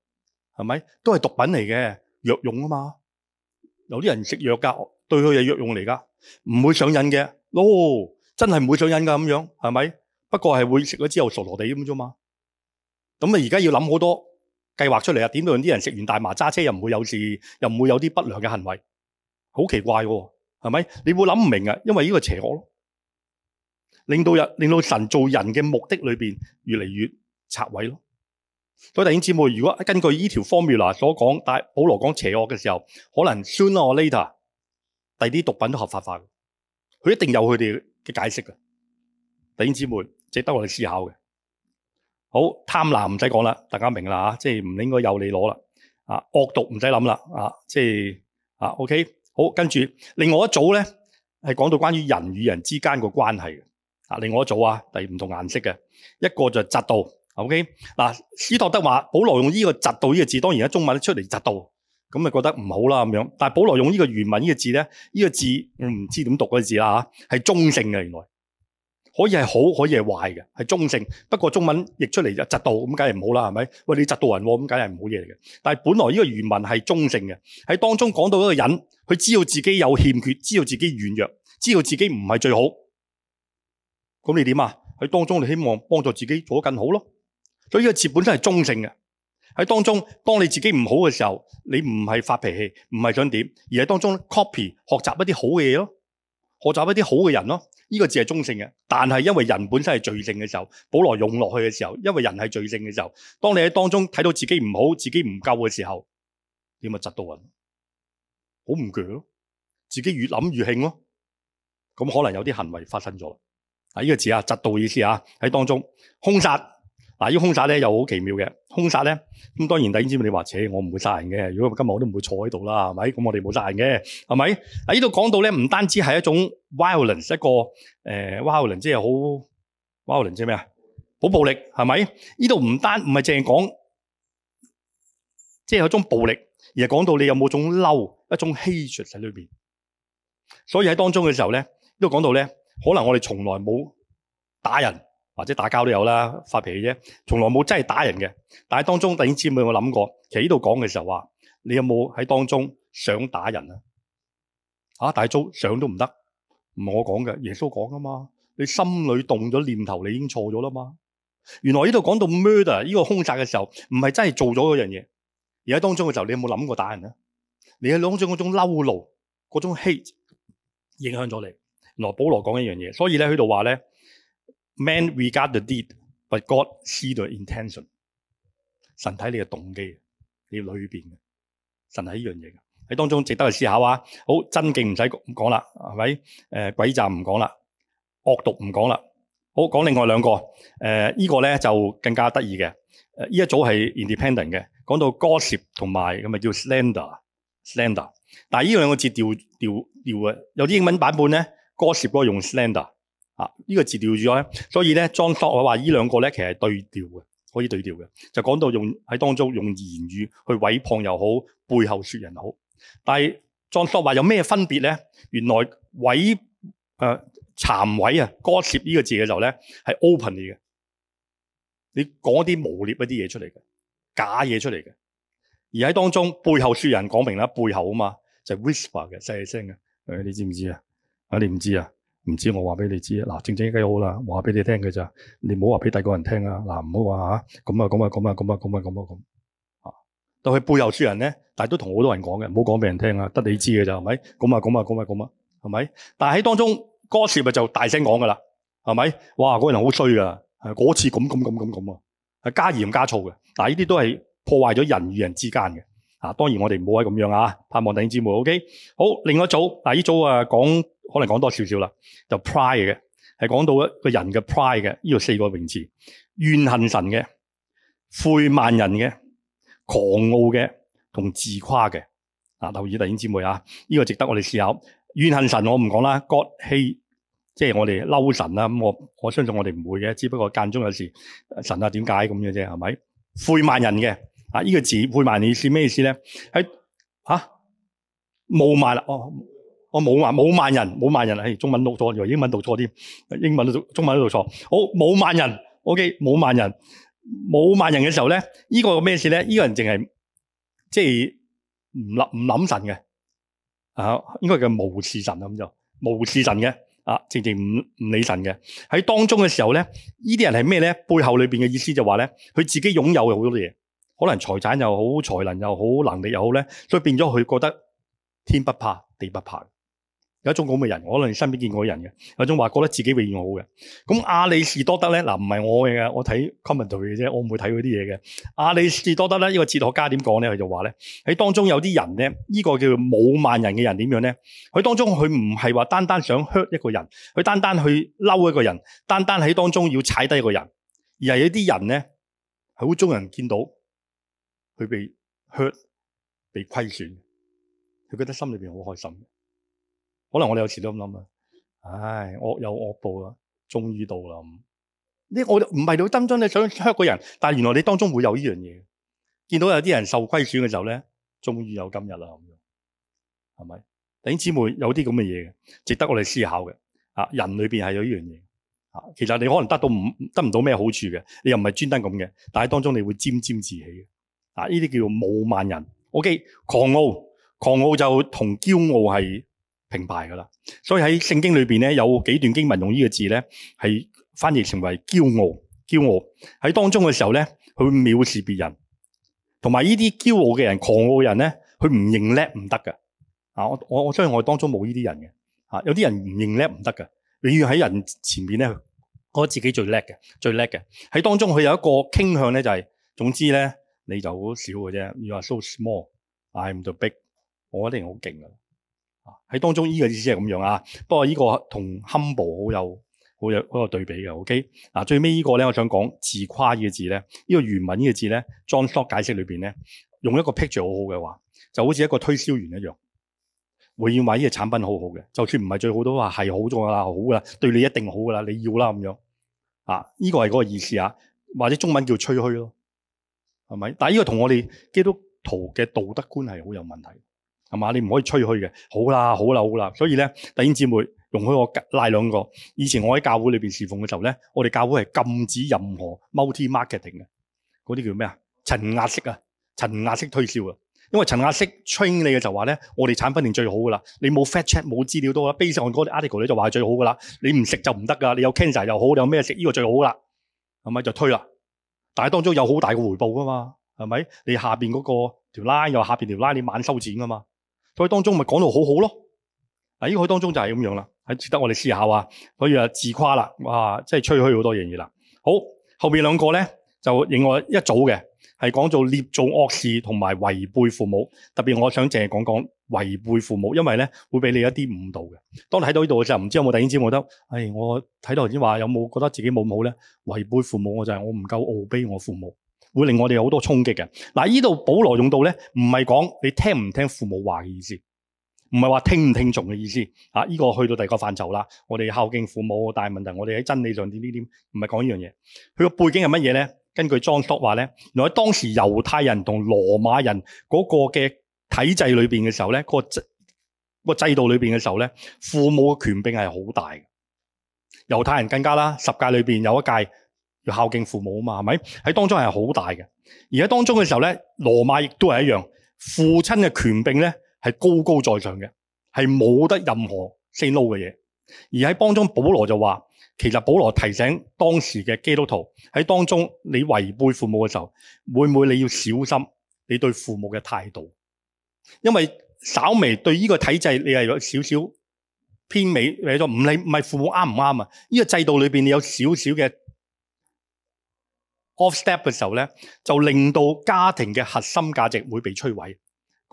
[SPEAKER 1] 係咪？都係毒品嚟嘅。藥用啊嘛，有啲人食藥噶對佢係藥用嚟噶唔會上癮嘅咯，真係唔會上癮噶咁樣，係咪？不過係會食咗之後傻傻地咁啫嘛。咁啊，而家要諗好多計劃出嚟啊，點到啲人食完大麻揸車又唔會有事，又唔會有啲不良嘅行為？好奇怪嘅，係咪？你會諗唔明啊，因為呢個邪惡咯，令到人，令到神做人嘅目的裏邊越嚟越拆位咯。所以弟兄姊妹，如果根據呢條 formula 所講，但保羅講邪惡嘅時候，可能 sooner or later，第二啲毒品都合法化，佢一定有佢哋嘅解釋嘅。弟兄姊妹值得我哋思考嘅。好貪婪唔使講啦，大家明啦吓，即係唔應該有你攞啦。啊，惡毒唔使諗啦。啊，即係啊，OK，好，跟住另外一組咧係講到關於人與人之間個關係嘅。啊，另外一組啊，第二唔同顏色嘅，一個就係嫉妒。O.K. 嗱，斯托德話保羅用呢個嫉妒呢個字，當然喺中文出嚟嫉妒，咁咪覺得唔好啦咁樣。但係保羅用呢個原文呢個字咧，呢、這個字我唔、嗯、知點讀嗰個字啦吓，係、啊、中性嘅原來，可以係好，可以係壞嘅，係中性。不過中文譯出嚟就嫉妒，咁梗係唔好啦，係咪？喂，你嫉妒人、啊，咁梗係唔好嘢嚟嘅。但係本來呢個原文係中性嘅，喺當中講到一個人，佢知道自己有欠缺，知道自己軟弱，知道自己唔係最好，咁你點啊？喺當中你希望幫助自己做得更好咯。所以呢個字本身係中性嘅，喺當中當你自己唔好嘅時候，你唔係發脾氣，唔係想點，而喺當中 copy 學習一啲好嘅嘢咯，學習一啲好嘅人咯。呢個字係中性嘅，但係因為人本身係罪性嘅時候，保羅用落去嘅時候，因為人係罪性嘅時候，當你喺當中睇到自己唔好，自己唔夠嘅時候，點樣窒到人，好唔鋸咯，自己越諗越興咯，咁可能有啲行為發生咗啦。啊呢個字啊窒到意思啊喺當中凶殺。嗱，呢個兇殺咧又好奇妙嘅，兇殺咧，咁當然大家知唔知？你話扯，我唔會殺人嘅。如果今日我都唔會坐喺度啦，係咪？咁我哋冇殺人嘅，係咪？喺呢度講到咧，唔單止係一種 violence，一個誒、呃、violence，即係好 violence，即係咩啊？好暴力，係咪？呢度唔單唔係淨係講，即係有種暴力，而係講到你有冇種嬲，一種欺辱喺裏邊。所以喺當中嘅時候咧，呢度講到咧，可能我哋從來冇打人。或者打交都有啦，發脾氣啫，從來冇真係打人嘅。但係當中，弟兄姊妹有冇諗過？其實呢度講嘅時候話，你有冇喺當中想打人啊？啊，但係想都唔得，唔係我講嘅，耶穌講啊嘛。你心裏動咗念頭，你已經錯咗啦嘛。原來呢度講到 murder 呢個兇殺嘅時候，唔係真係做咗嗰樣嘢。而喺當中嘅時候，你有冇諗過打人咧、啊？你喺當中嗰種嬲怒、嗰種 hate 影響咗你。原來保羅講一樣嘢，所以咧佢度話咧。Man regard the deed, but God see the intention。神睇你嘅動機，你裏邊嘅神係呢樣嘢嘅喺當中值得去思考啊！好爭競唔使講啦，係咪？誒、呃，詭詐唔講啦，惡毒唔講啦。好講另外兩個，誒、呃這個、呢個咧就更加得意嘅。呢、呃、一組係 independent 嘅，講到 gossip 同埋咁、這、咪、個、叫 slander, slander 但係呢兩個字調調調嘅，有啲英文版本咧 gossip 嗰個用 slander 啊！呢、這個字調咗，咧，所以咧莊碩我話呢兩個咧，其實係對調嘅，可以對調嘅。就講到用喺當中用言語去毀謗又好，背後說人好。但係莊碩話有咩分別咧？原來毀誒殘毀啊，gossip 呢個字嘅時候咧，係 open 嚟嘅。你講啲誣衊一啲嘢出嚟嘅，假嘢出嚟嘅。而喺當中背後說人，講明啦，背後啊嘛，就是，whisper 嘅細聲嘅。誒、哎，你知唔知啊？啊，你唔知啊？唔知我話俾你知啊，嗱正正幾好啦，話俾你聽嘅咋，你唔好話俾第個人聽啊，嗱唔好話吓，咁啊咁啊咁啊咁啊咁啊咁啊咁，啊，但係背後說人咧，但係都同好多人講嘅，唔好講俾人聽啊，得你知嘅咋，係咪？咁啊咁啊咁啊咁啊，係咪？但係喺當中，嗰次咪就大聲講噶啦，係咪？哇，嗰個人好衰噶，嗰次咁咁咁咁咁啊，係加鹽加醋嘅，但係呢啲都係破壞咗人與人之間嘅。嗱，當然我哋唔好係咁樣啊！盼望弟兄姊妹，OK。好，另外一組，嗱，依組啊講，可能講多少少啦，就 pride 嘅，係講到一個人嘅 pride 嘅，呢個四個名詞，怨恨神嘅，悔慢人嘅，狂傲嘅，同自誇嘅。嗱、啊，留意弟兄姊妹啊，呢、這個值得我哋思考。怨恨神我唔講啦 God h、hey，即係我哋嬲神啦。咁我我相信我哋唔會嘅，只不過間中有時神啊點解咁嘅啫，係咪？悔慢人嘅。啊！呢、這個字配埋你意思咩意思咧？喺吓冇埋人哦，我冇萬冇萬人冇萬人係中文都錯，英文都讀錯，英文讀錯添，英文都中文都讀錯。好冇萬人，OK 冇萬人冇萬人嘅時候咧，這個、意思呢個咩事咧？呢、這個人淨係即係唔諗唔諗神嘅啊，應該叫無視神咁就無視神嘅啊，靜靜唔唔理神嘅。喺當中嘅時候咧，呢啲人係咩咧？背後裏邊嘅意思就話咧，佢自己擁有好多嘢。可能財產又好，才能又好，能力又好咧，所以變咗佢覺得天不怕地不怕。有一種咁嘅人，我可能身邊見過人嘅，有一種話覺得自己永遠好嘅。咁阿里士多德咧，嗱唔係我嘅，我睇 comment 嘅啫，我唔會睇嗰啲嘢嘅。阿里士多德咧，呢、這個哲學家點講咧？佢就話咧，喺當中有啲人咧，呢、這個叫做冇萬人嘅人點樣咧？佢當中佢唔係話單單想 hurt 一個人，佢單單去嬲一個人，單單喺當中要踩低一個人，而係有啲人咧，係好中人見到。佢被 hurt，被虧損，佢覺得心裏邊好開心。可能我哋有時都咁諗啊，唉，惡有惡報啦，終於到啦。呢，我唔係到真真你想 hurt 個人，但係原來你當中會有呢樣嘢。見到有啲人受虧損嘅時候咧，終於有今日啦，咁樣係咪？弟兄姊妹有啲咁嘅嘢嘅，值得我哋思考嘅。啊，人裏邊係有呢樣嘢。啊，其實你可能得到唔得唔到咩好處嘅，你又唔係專登咁嘅，但係當中你會沾沾自喜嘅。啊！呢啲叫做傲慢人。O.K. 狂傲，狂傲就同驕傲係平排噶啦。所以喺聖經裏邊咧，有幾段經文用呢個字咧，係翻譯成為驕傲、驕傲喺當中嘅時候咧，佢藐視別人，同埋呢啲驕傲嘅人，狂傲嘅人咧，佢唔認叻唔得噶。啊，我我我相信我當中冇呢啲人嘅。啊，有啲人唔認叻唔得噶，永遠喺人前邊咧，覺得自己最叻嘅，最叻嘅。喺當中佢有一個傾向咧，就是，就係總之咧。你就好少嘅啫，你話 so small，I'm too big。我一定好勁嘅，喺當中依個意思係咁樣啊。不過依個同 humble 好有好有嗰個對比嘅。OK，嗱、啊、最尾依個咧，我想講自誇嘅字咧。呢、呢個原文呢個字咧，John Stock 解釋裏邊咧，用一個 picture 好好嘅話，就好似一個推銷員一樣，永遠話呢個產品好好嘅，就算唔係最好都話係好咗啦，好嘅，對你一定好嘅啦，你要啦咁樣啊。依、呢個係嗰個意思啊，或者中文叫吹噓咯。係咪？但係呢個同我哋基督徒嘅道德觀係好有問題，係嘛？你唔可以吹嘘嘅。好啦，好啦，好啦。所以咧，弟兄姊妹，容許我拉兩個。以前我喺教會裏邊侍奉嘅時候咧，我哋教會係禁止任何 multi marketing 嘅，嗰啲叫咩啊？層壓式啊，層壓式推銷啊。因為層壓式吹你嘅就話咧，我哋產品定最好噶啦。你冇 fact check，冇資料都啦，base on 嗰啲 article 你就話係最好噶啦。你唔食就唔得噶，你有 cancer 又好，你有咩食呢個最好噶啦。咁咪就推啦。但係當中有好大個回報噶嘛，係咪？你下邊嗰個條拉又下邊條拉你晚收展噶嘛，啊，所以當中咪講到好好咯。喺呢個當中就係咁樣啦，係值得我哋思考啊。所以啊，自誇啦，哇，即係吹嘘好多嘢啦。好，後面兩個咧就影我一組嘅。係講做捏造惡事同埋違背父母，特別我想淨係講講違背父母，因為咧會俾你一啲誤導嘅。當你睇到呢度，嘅時候，唔知有冇突然之間，覺得，唉、哎，我睇到頭先話有冇覺得自己冇咁好咧？違背父母就我就係我唔夠傲卑我父母，會令我哋有好多衝擊嘅。嗱、啊，呢度保羅用到咧，唔係講你聽唔聽父母話嘅意思，唔係話聽唔聽從嘅意思。啊，呢、這個去到第二個範疇啦，我哋孝敬父母，但係問題我哋喺真理上呢點唔係講呢樣嘢。佢個背景係乜嘢咧？根據 John Stott 話咧，原來喺當時猶太人同羅馬人嗰個嘅體制裏邊嘅時候咧，個個制度裏邊嘅時候咧，父母嘅權柄係好大。猶太人更加啦，十誡裏邊有一誡要孝敬父母啊嘛，係咪？喺當中係好大嘅。而喺當中嘅時候咧，羅馬亦都係一樣，父親嘅權柄咧係高高在上嘅，係冇得任何 say no 嘅嘢。而喺當中保羅就話。其實保羅提醒當時嘅基督徒喺當中，你違背父母嘅時候，會唔會你要小心你對父母嘅態度？因為稍微對呢個體制你係有少少偏美，或者唔理唔係父母啱唔啱啊？呢個制度裏邊你有少少嘅 off step 嘅時候咧，就令到家庭嘅核心價值會被摧毀。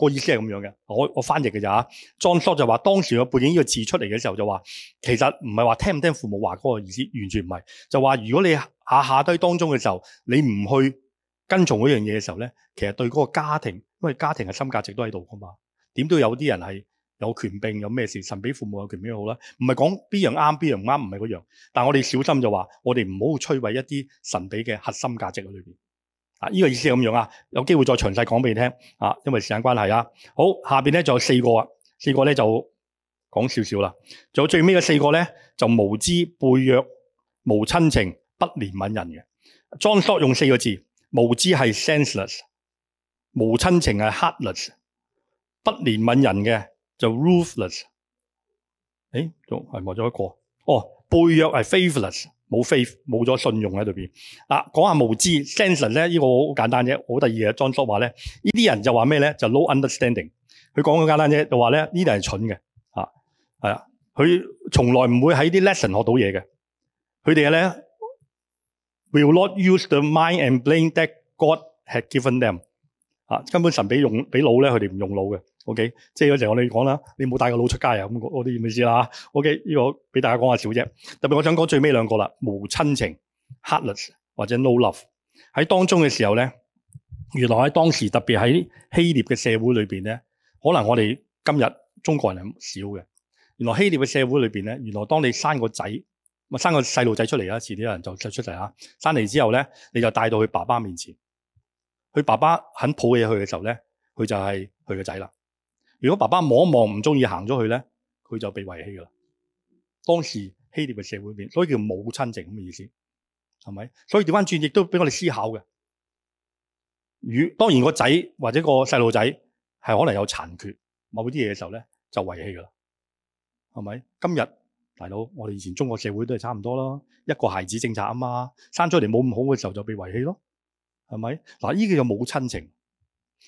[SPEAKER 1] 個意思係咁樣嘅，我我翻譯嘅、啊、John Stott 就話當時個背景呢個字出嚟嘅時候就話，其實唔係話聽唔聽父母話嗰個意思，完全唔係，就話如果你下下低喺當中嘅時候，你唔去跟從嗰樣嘢嘅時候咧，其實對嗰個家庭，因為家庭嘅心價值都喺度㗎嘛，點都有啲人係有權柄有咩事神俾父母有權柄好啦，唔係講邊樣啱邊樣唔啱，唔係嗰樣，但係我哋小心就話，我哋唔好摧毀一啲神俾嘅核心價值喺裏邊。啊！依、這個意思係咁樣啊，有機會再詳細講俾你聽啊，因為時間關係啊。好，下邊咧就有四個，四個咧就講少少啦。仲有最尾嘅四個咧，就無知背約、無親情、不憐憫人嘅。John Stott 用四個字，無知係 senseless，無親情係 heartless，不憐憫人嘅就 ruthless、哎。誒，仲係冇咗一個。哦，背約係 faithless。冇 faith，冇咗信用喺度邊。啊，講下無知 censor 咧呢，這個好簡單啫，好得意嘅。John Stott 話咧，呢啲人就話咩咧？就 low，是 no、understanding。佢講咁簡單啫，就話咧呢啲係蠢嘅。吓係啊，佢、啊、從來唔會喺啲 lesson 學到嘢嘅。佢哋咧 will not use the mind and blame that God had given them。吓，啊，根本神俾用俾腦咧，佢哋唔用腦嘅。O、okay? K，即係嗰陣我哋講啦，你冇帶個腦出街啊！咁我我啲意思啦 O K，呢個俾大家講下少啫。特別我想講最尾兩個啦，無親情，heartless 或者 no love 喺當中嘅時候咧，原來喺當時特別喺希臘嘅社會裏邊咧，可能我哋今日中國人係少嘅。原來希臘嘅社會裏邊咧，原來當你生個仔，咪生個細路仔出嚟啊！遲啲有人就就出嚟吓，生嚟之後咧，你就帶到佢爸爸面前，佢爸爸肯抱起佢嘅時候咧，佢就係佢個仔啦。如果爸爸望一望唔中意行咗去咧，佢就被遺棄噶啦。當時希臘嘅社會面，所以叫母親情咁嘅意思，係咪？所以調翻轉亦都俾我哋思考嘅。與當然個仔或者個細路仔係可能有殘缺某啲嘢嘅時候咧，就遺棄噶啦，係咪？今日大佬，我哋以前中國社會都係差唔多啦，一個孩子政策啊嘛，生出嚟冇咁好嘅時候就被遺棄咯，係咪？嗱，依叫做母親情。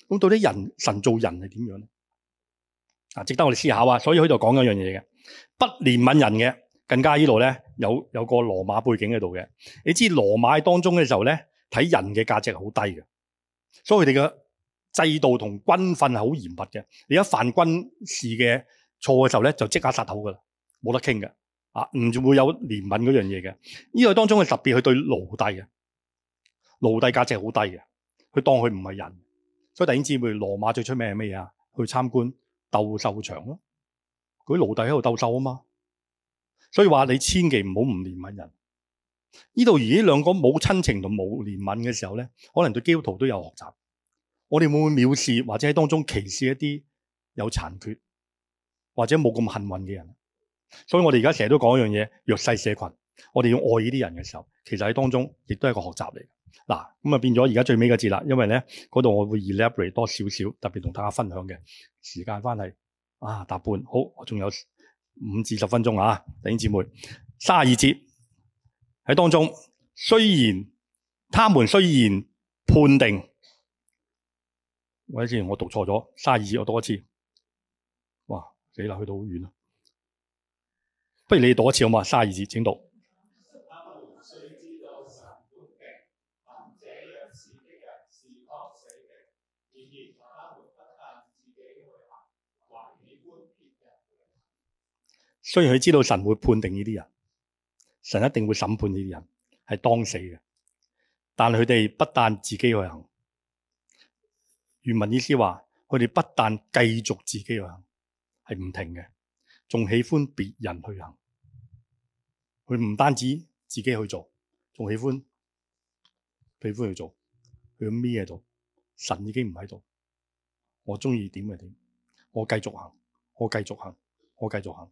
[SPEAKER 1] 咁到底人神做人係點樣咧？嗱，值得我哋思考啊！所以佢度講一樣嘢嘅，不憐憫人嘅，更加依度咧有有個羅馬背景喺度嘅。你知羅馬當中嘅時候咧，睇人嘅價值好低嘅，所以佢哋嘅制度同軍訓係好嚴密嘅。你一犯軍事嘅錯嘅時候咧，就即刻殺頭噶啦，冇得傾嘅，啊，唔會有憐憫嗰樣嘢嘅。呢個當中嘅特別佢對奴隸嘅，奴隸價值好低嘅，佢當佢唔係人。所以弟兄姊妹，羅馬最出名係咩嘢啊？去參觀。鬥秀場咯，佢啲奴隸喺度鬥秀啊嘛，所以話你千祈唔好唔憐憫人。呢度而呢兩個冇親情同冇憐憫嘅時候咧，可能對基督徒都有學習。我哋會唔會藐視或者喺當中歧視一啲有殘缺或者冇咁幸運嘅人？所以我哋而家成日都講一樣嘢，弱勢社群。我哋要愛呢啲人嘅時候，其實喺當中亦都係個學習嚟。嗱，咁啊變咗而家最尾嘅節啦，因為咧嗰度我會 elaborate 多少少，特別同大家分享嘅時間關係啊，大半好，我仲有五至十分鐘啊，弟兄姊妹，卅二節喺當中，雖然他們雖然判定，我睇下先，我讀錯咗卅二節，我讀一次，哇，死喇去到好遠啊，不如你讀一次好嘛，卅二節，請讀。雖然佢知道神會判定呢啲人，神一定會審判呢啲人係當死嘅，但係佢哋不但自己去行，原文意思話佢哋不但繼續自己去行，係唔停嘅，仲喜歡別人去行。佢唔單止自己去做，仲喜歡喜歡去做，佢咪喺度，神已經唔喺度，我中意點就點，我繼續行，我繼續行，我繼續行。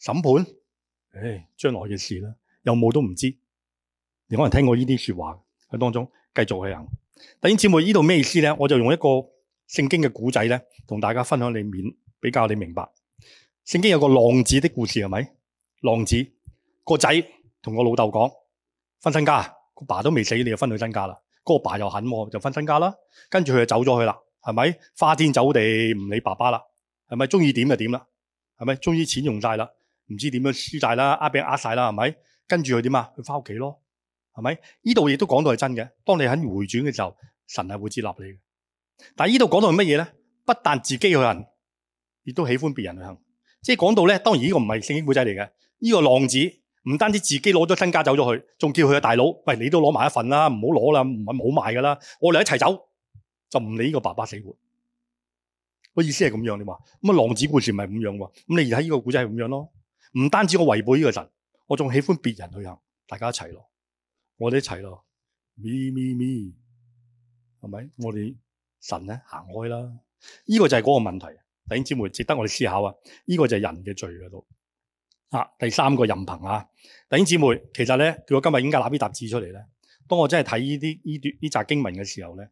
[SPEAKER 1] 審判，唉、哎，將來嘅事啦，有冇都唔知。你可能聽過呢啲說話，喺當中，繼續去行。弟兄姊妹，呢度咩意思咧？我就用一個聖經嘅古仔咧，同大家分享你面比較你明白。聖經有個浪子的故事係咪？浪子個仔同個老豆講分身家，個爸都未死，你就分到身家啦。嗰個爸又肯喎，就分身家啦。跟住佢就走咗去啦，係咪？花天酒地，唔理爸爸啦，係咪？中意點就點啦，係咪？終於錢用晒啦。唔知點樣輸大啦，壓餅壓晒啦，係咪？跟住佢點啊？佢返屋企咯，係咪？呢度亦都講到係真嘅。當你肯回轉嘅時候，神係會接納你嘅。但係呢度講到係乜嘢咧？不但自己去行，亦都喜歡別人去行。即係講到咧，當然呢個唔係聖經古仔嚟嘅。呢、這個浪子唔單止自己攞咗身家走咗去，仲叫佢嘅大佬，喂，你都攞埋一份啦，唔好攞啦，唔好賣噶啦，我哋一齊走，就唔理呢個爸爸死活。我意思係咁樣，你話咁啊浪子故事唔係咁樣喎？咁你而家呢個古仔係咁樣咯？唔單止我違背呢個神，我仲喜歡別人去行，大家一齊咯，我哋一齊咯，咪咪咪，e 係咪？我哋神咧行開啦，呢個就係嗰個問題，弟兄姊妹值得我哋思考啊！呢個就係人嘅罪喺度。啊，第三個任憑啊，弟兄姊妹，其實咧，叫我今日應該攞呢沓紙出嚟咧？當我真係睇呢啲呢段呢扎經文嘅時候咧，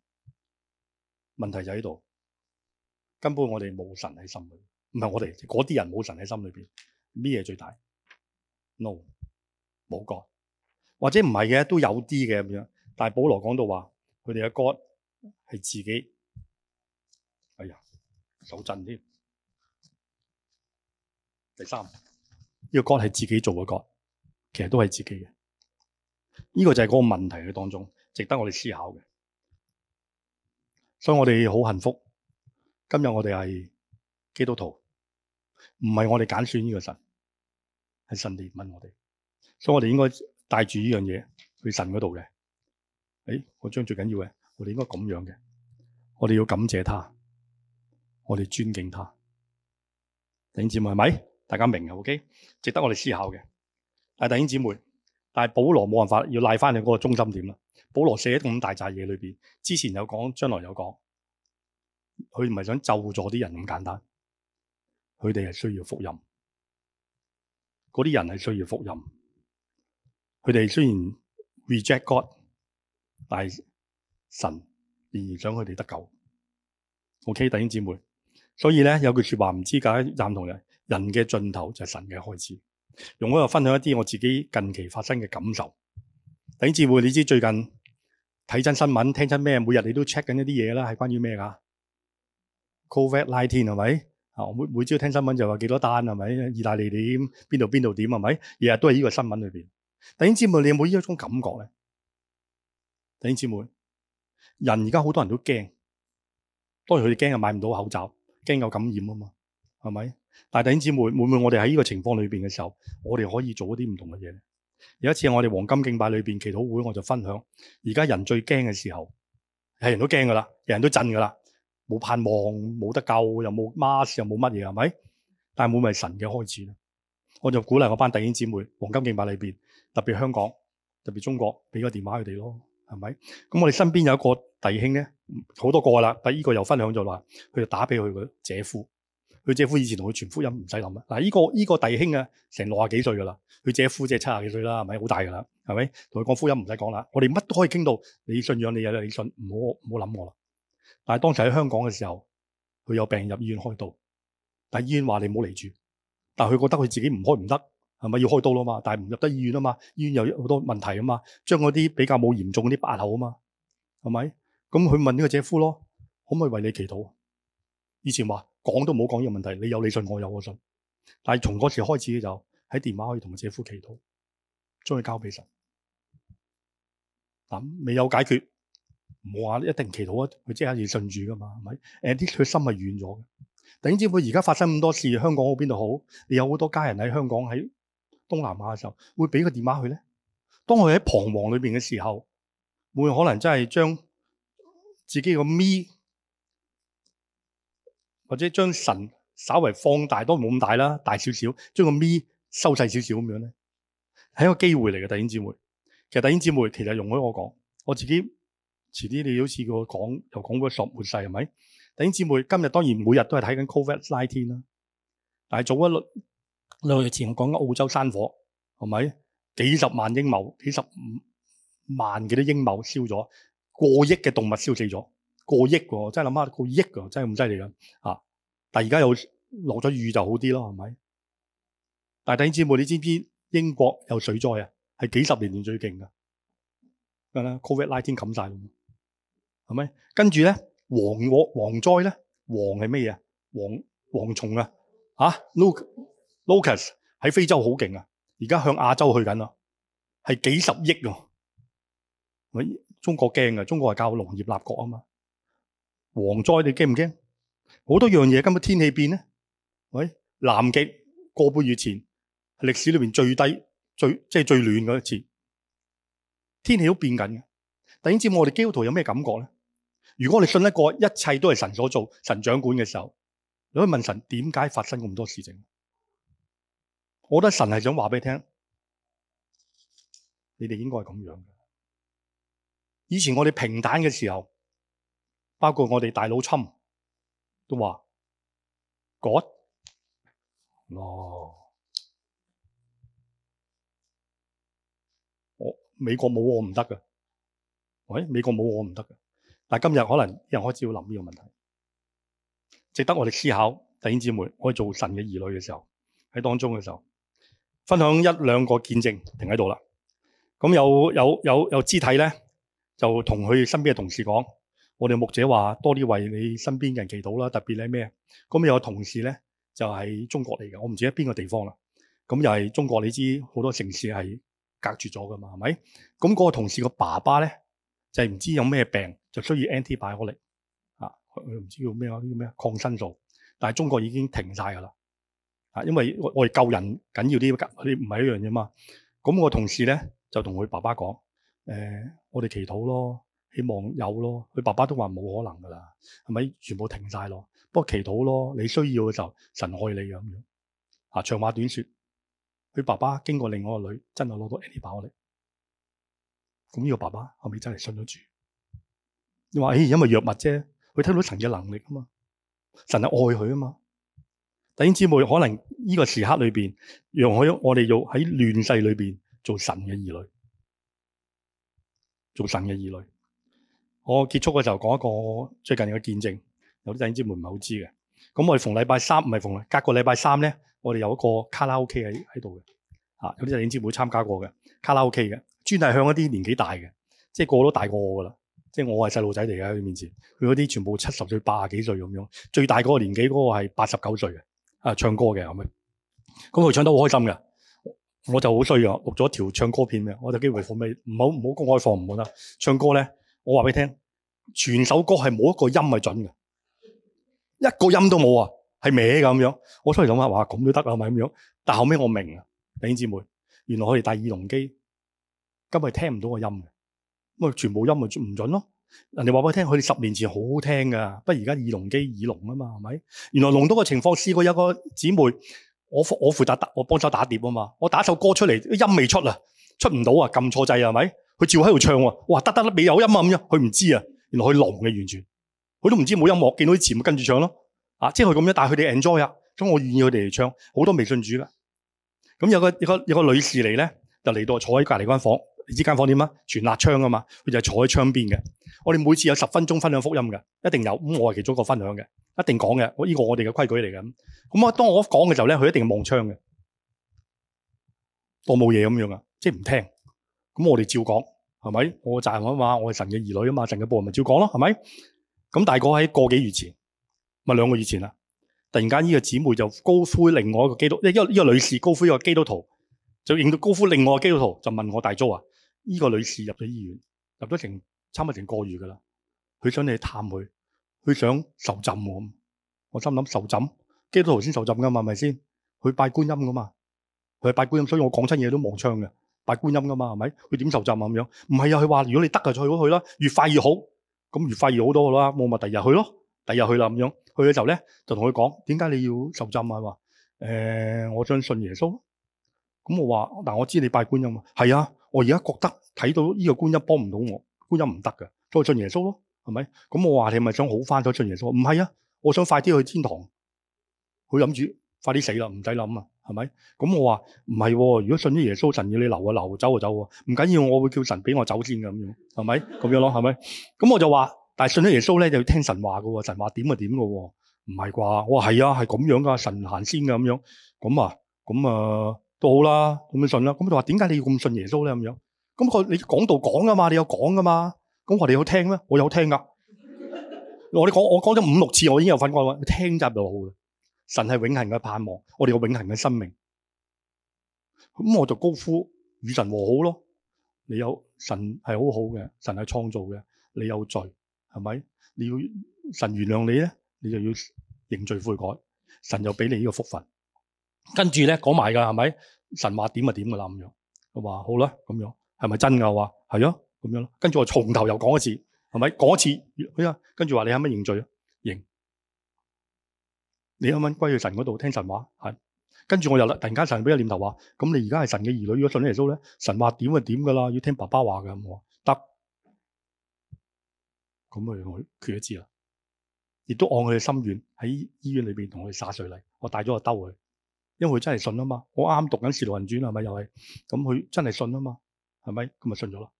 [SPEAKER 1] 問題就喺度，根本我哋冇神喺心裏，唔係我哋，嗰啲人冇神喺心裏邊。咩最大？no，冇 God。或者唔係嘅都有啲嘅咁樣。但係保羅講到話，佢哋嘅 God 係自己。哎呀，手震添。第三，呢個 God 係自己做嘅 God，其實都係自己嘅。呢個就係嗰個問題嘅當中，值得我哋思考嘅。所以我哋好幸福，今日我哋係基督徒，唔係我哋揀選呢個神。係神嚟問我哋，所以我哋應該帶住呢樣嘢去神嗰度嘅。誒、哎，我將最緊要嘅，我哋應該咁樣嘅，我哋要感謝他，我哋尊敬他。弟兄姊妹係咪？大家明嘅，OK？值得我哋思考嘅。但弟兄姊妹，但係保羅冇辦法要拉返你嗰個中心點啦。保羅寫咁大扎嘢裏邊，之前有講，將來有講，佢唔係想救助啲人咁簡單，佢哋係需要福音。嗰啲人係需要福音，佢哋雖然 reject God，但係神仍然想佢哋得救。OK，弟兄姊妹，所以呢，有句說話唔知點解，贊同人人嘅盡頭就係神嘅開始。容我又分享一啲我自己近期發生嘅感受。弟兄姊妹，你知道最近睇親新聞，聽親咩？每日你都 check 緊一啲嘢啦，係關於咩㗎 COVID-19 係咪？COVID 19, 是啊！每每朝聽新聞就話幾多單，係咪？意大利點？邊度邊度點？係咪？日日都係呢個新聞裏邊。弟兄姊妹，你有冇呢一種感覺咧？弟兄姊妹，人而家好多人都驚，當然佢哋驚又買唔到口罩，驚有感染啊嘛，係咪？但係弟兄姊妹，會唔會我哋喺呢個情況裏邊嘅時候，我哋可以做一啲唔同嘅嘢咧？有一次我哋黃金敬拜裏邊祈禱會，我就分享，而家人最驚嘅時候，係人都驚噶啦，人人都震噶啦。冇盼望，冇得救，又冇馬事，又冇乜嘢，係咪？但係冇咪神嘅開始咧？我就鼓勵我班弟兄姊妹，黃金敬拜裏邊，特別香港，特別中國，俾個電話佢哋咯，係咪？咁我哋身邊有一個弟兄咧，好多個啦，但係依個又分享咗話，佢就打俾佢個姐夫，佢姐夫以前同佢傳福音，唔使諗啦。嗱，依個依個弟兄啊，成六廿幾歲噶啦，佢姐夫即係七廿幾歲啦，係咪？好大噶啦，係咪？同佢講福音唔使講啦，我哋乜都可以傾到，你信仰你嘢，你信，唔好唔好諗我啦。但係當時喺香港嘅時候，佢有病入醫院開刀，但係醫院話你唔好嚟住，但係佢覺得佢自己唔開唔得，係咪要開刀啦嘛？但係唔入得醫院啊嘛，醫院有好多問題啊嘛，將嗰啲比較冇嚴重啲八號啊嘛，係咪？咁佢問呢個姐夫咯，可唔可以為你祈禱？以前話講都唔好講呢個問題，你有你信，我有我信，但係從嗰時開始就喺電話可以同個姐夫祈禱，將佢交俾神，咁未有解決。冇話一定祈禱啊，佢即刻要順住噶嘛，係咪？誒，啲佢心係軟咗嘅。弟兄姊妹，而家發生咁多事，香港好，邊度好，你有好多家人喺香港，喺東南亞嘅時候，會俾個電話佢咧。當佢喺彷徨裏邊嘅時候，會可能真係將自己個咪，或者將神稍微放大都冇咁大啦，大少少，將個咪收細少少咁樣咧，係一個機會嚟嘅。弟兄姊妹，其實弟兄姊妹其實容許我講，我自己。遲啲你好似個講又講過索末世係咪？弟兄姐妹今日當然每日都係睇緊 Covid nineteen 啦，19，但係早一兩兩日前講緊澳洲山火係咪？幾十萬英畝、幾十萬幾多英畝燒咗，過億嘅動物燒死咗，過億喎，真係諗下過億喎，真係咁犀利啦嚇！但係而家又落咗雨就好啲咯，係咪？但係弟兄姐妹你知唔知英國有水災啊？係幾十年嚟最勁㗎，嗱 Covid nineteen 冚晒。係咪？跟住咧，蝗蝗災咧，蝗係咩嘢啊？蝗蝗蟲啊，啊，locus 喺非洲好勁啊，而家向亞洲去緊啊，係幾十億啊。我中國驚啊，中國係靠農業立國啊嘛。蝗災你驚唔驚？好多樣嘢，今日天，天氣變咧。喂，南極個半月前歷史裏邊最低，最即係最暖嗰一次，天氣都變緊嘅。但係你知道我哋基督徒有咩感覺咧？如果你信得過一切都係神所做、神掌管嘅時候，你可以問神點解發生咁多事情？我覺得神係想話俾你聽，你哋應該係咁樣嘅。以前我哋平淡嘅時候，包括我哋大佬侵都話：，God，n 我、oh，美國冇我唔得嘅。喂、哎，美國冇我唔得嘅。嗱，但今日可能有啲人開始要諗呢個問題，值得我哋思考。弟兄姊妹，我哋做神嘅兒女嘅時候，喺當中嘅時候，分享一兩個見證，停喺度啦。咁有有有有肢體咧，就同佢身邊嘅同事講：我哋牧者話多啲為你身邊人祈禱啦。特別咧咩？咁有個同事咧就喺中國嚟嘅，我唔知喺邊個地方啦。咁又係中國，你知好多城市係隔住咗噶嘛？係咪？咁嗰個同事個爸爸咧？就係唔知有咩病，就需要 antibiotic，啊，唔知叫咩啊，叫咩抗生素。但係中國已經停晒噶啦，啊，因為我哋救人緊要啲，啲唔係一樣啫嘛。咁、啊、我同事咧就同佢爸爸講，誒、呃，我哋祈禱咯，希望有咯。佢、啊、爸爸都話冇可能噶啦，係咪？全部停晒咯、啊。不過祈禱咯，你需要嘅時候，神愛你咁樣、啊。啊，長話短說，佢爸爸經過另外一個女，真係攞到 antibiotic。咁呢個爸爸後尾真係信咗住，你話誒，因為藥物啫，佢聽到神嘅能力啊嘛，神係愛佢啊嘛。弟兄姊妹可能呢個時刻裏邊，讓我我哋要喺亂世裏邊做神嘅兒女，做神嘅兒女。我結束嘅時候講一個最近嘅見證，有啲弟兄姊妹唔係好知嘅。咁我哋逢禮拜三唔係逢隔個禮拜三咧，我哋有一個卡拉 O.K. 喺喺度嘅。啊！啲就影展會參加過嘅卡拉 OK 嘅，專係向一啲年紀大嘅，即係個個都大過我噶啦，即係我係細路仔嚟嘅喺佢面前。佢嗰啲全部七十歲、八十幾歲咁樣，最大嗰個年紀嗰個係八十九歲嘅，啊唱歌嘅係咪？咁佢唱得好開心嘅，我就好衰啊！錄咗條唱歌片嘅，我就機會放俾唔好唔好公開放唔啦。唱歌咧，我話俾你聽，全首歌係冇一個音係準嘅，一個音都冇啊，係歪嘅咁樣。我出嚟諗下話咁都得啊，係咪咁樣是是？但後尾我明啊。弟兄姊妹，原來佢哋戴耳聾機，今日聽唔到個音，咁啊全部音咪唔準咯。人哋話俾我聽，佢哋十年前好好聽噶，不過而家耳聾機耳聾啊嘛，係咪？原來聾到個情況，試過有一個姊妹，我我負責打，我幫手打碟啊嘛，我打首歌出嚟，啲音未出啊，出唔到啊，撳錯掣啊，係咪？佢照喺度唱喎，哇，得得得，你有音啊咁樣，佢唔知啊，原來佢聾嘅完全，佢都唔知冇音樂，見到啲字咪跟住唱咯。啊，即係佢咁樣，但係佢哋 enjoy 啊，咁我願意佢哋嚟唱，好多微信主噶。咁有個有個有個女士嚟咧，就嚟到坐喺隔離間房，你知間房點啊？全立窗啊嘛，佢就係坐喺窗邊嘅。我哋每次有十分鐘分享福音嘅，一定有。咁我係其中一個分享嘅，一定講嘅。呢個我哋嘅規矩嚟嘅。咁咁啊，當我講嘅時候咧，佢一定望窗嘅，當冇嘢咁樣啊，即係唔聽。咁我哋照講，係咪？我就係講話我係神嘅兒女啊嘛，神嘅波咪照講咯，係咪？咁大概喺個幾月前，咪兩個月前啦。突然間呢個姊妹就高呼另外一個基督徒，因為呢個女士高呼一個基督徒，就引到高呼另外一個基督徒，就問我，大周啊，呢、呢個女士入咗醫院，入咗成差唔多成個月噶啦，佢想你去探佢，佢想受浸咁。我心諗，受浸基督徒先受浸噶嘛，係咪先？佢拜觀音噶嘛，佢拜觀音，所以我講親嘢都望窗嘅，拜觀音噶嘛，係咪？佢點受浸啊咁樣？唔係啊，佢話如果你得啊，去，去啦，越快越好，咁越快越好多好啦，我咪第二日去咯，第二日去啦咁樣。去嘅時候咧，就同佢講，點解你要受浸啊？話誒、呃，我想信耶穌咯。咁我話，嗱，我，但我知你拜觀音嘛？係啊，我而家覺得睇到呢個觀音幫唔到我，觀音唔得嘅，再信耶穌咯，係咪？咁、嗯、我話你係咪想好翻再信耶穌？唔係啊，我想快啲去天堂。佢諗住快啲死啦，唔使諗啊，係咪？咁我話唔係，如果信咗耶穌，神要你留啊留，走啊走啊，唔緊要，我會叫神俾我走先嘅，咁樣係咪？咁樣咯，係咪？咁我就話。但係信咗耶穌咧，就要聽神話噶喎，神話點就點噶喎，唔係啩？我話係啊，係咁樣噶，神行先噶咁樣，咁啊，咁啊都好啦，咁樣信啦，咁就話點解你要咁信耶穌咧咁樣？咁佢你講道講噶嘛，你有講噶嘛？咁我哋有聽咩？我有聽噶，我哋講我講咗五六次，我已經有份講啦，你聽就好啦。神係永恒嘅盼望，我哋有永恒嘅生命。咁我就高呼與神和好咯。你有神係好好嘅，神係創造嘅，你有罪。係咪？你要神原諒你咧，你就要認罪悔改，神又俾你呢個福分。跟住咧講埋噶，係咪？神話點就點噶啦，咁樣。是是我話好啦，咁樣係咪真噶？話係啊，咁樣咯。跟住我從頭又講一次，係咪？講次，哎呀、啊，跟住話你係咪認罪啊？認。你係咪歸去神嗰度聽神話？係、啊。跟住我又啦，突然間神俾個念頭話：，咁你而家係神嘅兒女如果信耶穌咧，神話點就點噶啦，要聽爸爸話嘅。我。咁咪我缺一支啦，亦都按佢嘅心願喺醫院裏邊同佢灑水禮。我帶咗個兜佢，因為佢真係信啊嘛。我啱讀緊《時路運轉》係咪？又係咁佢真係信啊嘛，係咪？咁咪信咗啦，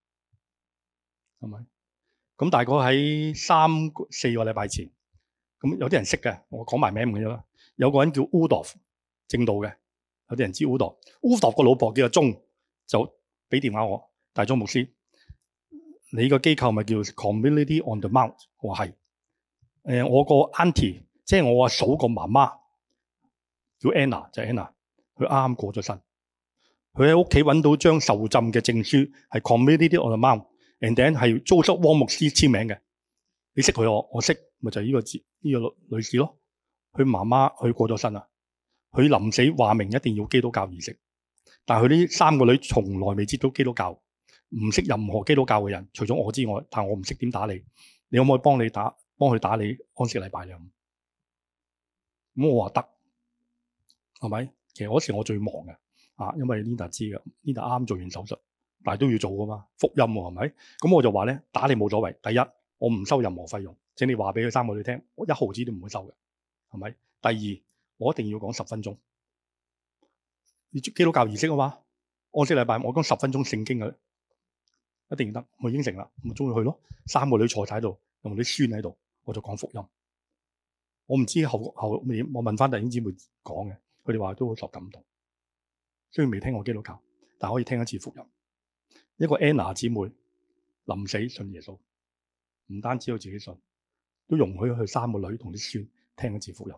[SPEAKER 1] 係咪？咁大概喺三四個禮拜前，咁有啲人識嘅，我講埋名唔緊要啦。有個人叫 Udolf，正道嘅，有啲人知 Udolf、嗯。Udolf 個老婆叫鍾，就俾電話我，大鍾牧師。你個機構咪叫 Community on the Mount？我係，誒、呃、我個 Auntie 即係我阿嫂個媽媽叫 Anna，就 Anna，佢啱啱過咗身，佢喺屋企揾到張受浸嘅證書，係 Community on the Mount，and then 係租塞汪牧師簽名嘅。你識佢我我識，咪就係、是、呢、這個呢、這個女士咯。佢媽媽佢過咗身啦，佢臨死話明一定要基督教儀式，但係佢呢三個女從來未接觸基督教。唔識任何基督教嘅人，除咗我之外，但係我唔識點打你，你可唔可以幫你打，幫佢打你安息禮拜咧？咁，我話得，係咪？其實嗰時我最忙嘅。啊，因為 Linda 知嘅，Linda 啱啱做完手術，但係都要做噶嘛，福音係咪？咁我就話咧，打你冇所謂，第一，我唔收任何費用，請你話俾佢三個女聽，我一毫子都唔會收嘅，係咪？第二，我一定要講十分鐘，你基督教儀式啊嘛，安息禮拜我講十分鐘聖經嘅。一定得，我應承啦。我中意去咯。三個女坐晒喺度，同啲孫喺度，我就講福音。我唔知後後面，我問翻弟兄姊妹講嘅，佢哋話都好受感動。雖然未聽過基督教，但可以聽一次福音。一個 Anna 姊妹臨死信耶穌，唔單止佢自己信，都容許佢三個女同啲孫聽一次福音。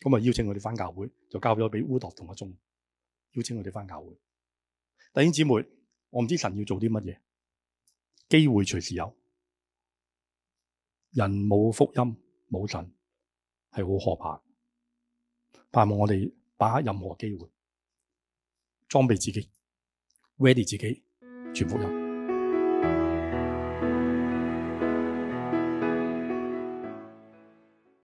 [SPEAKER 1] 咁啊，邀請佢哋翻教會，就交咗俾烏托同阿鍾，邀請佢哋翻教會。弟兄姊妹。我唔知道神要做啲乜嘢，機會隨時有，人冇福音冇神係好可怕的，盼望我哋把握任何機會裝備自己，ready 自己全福音。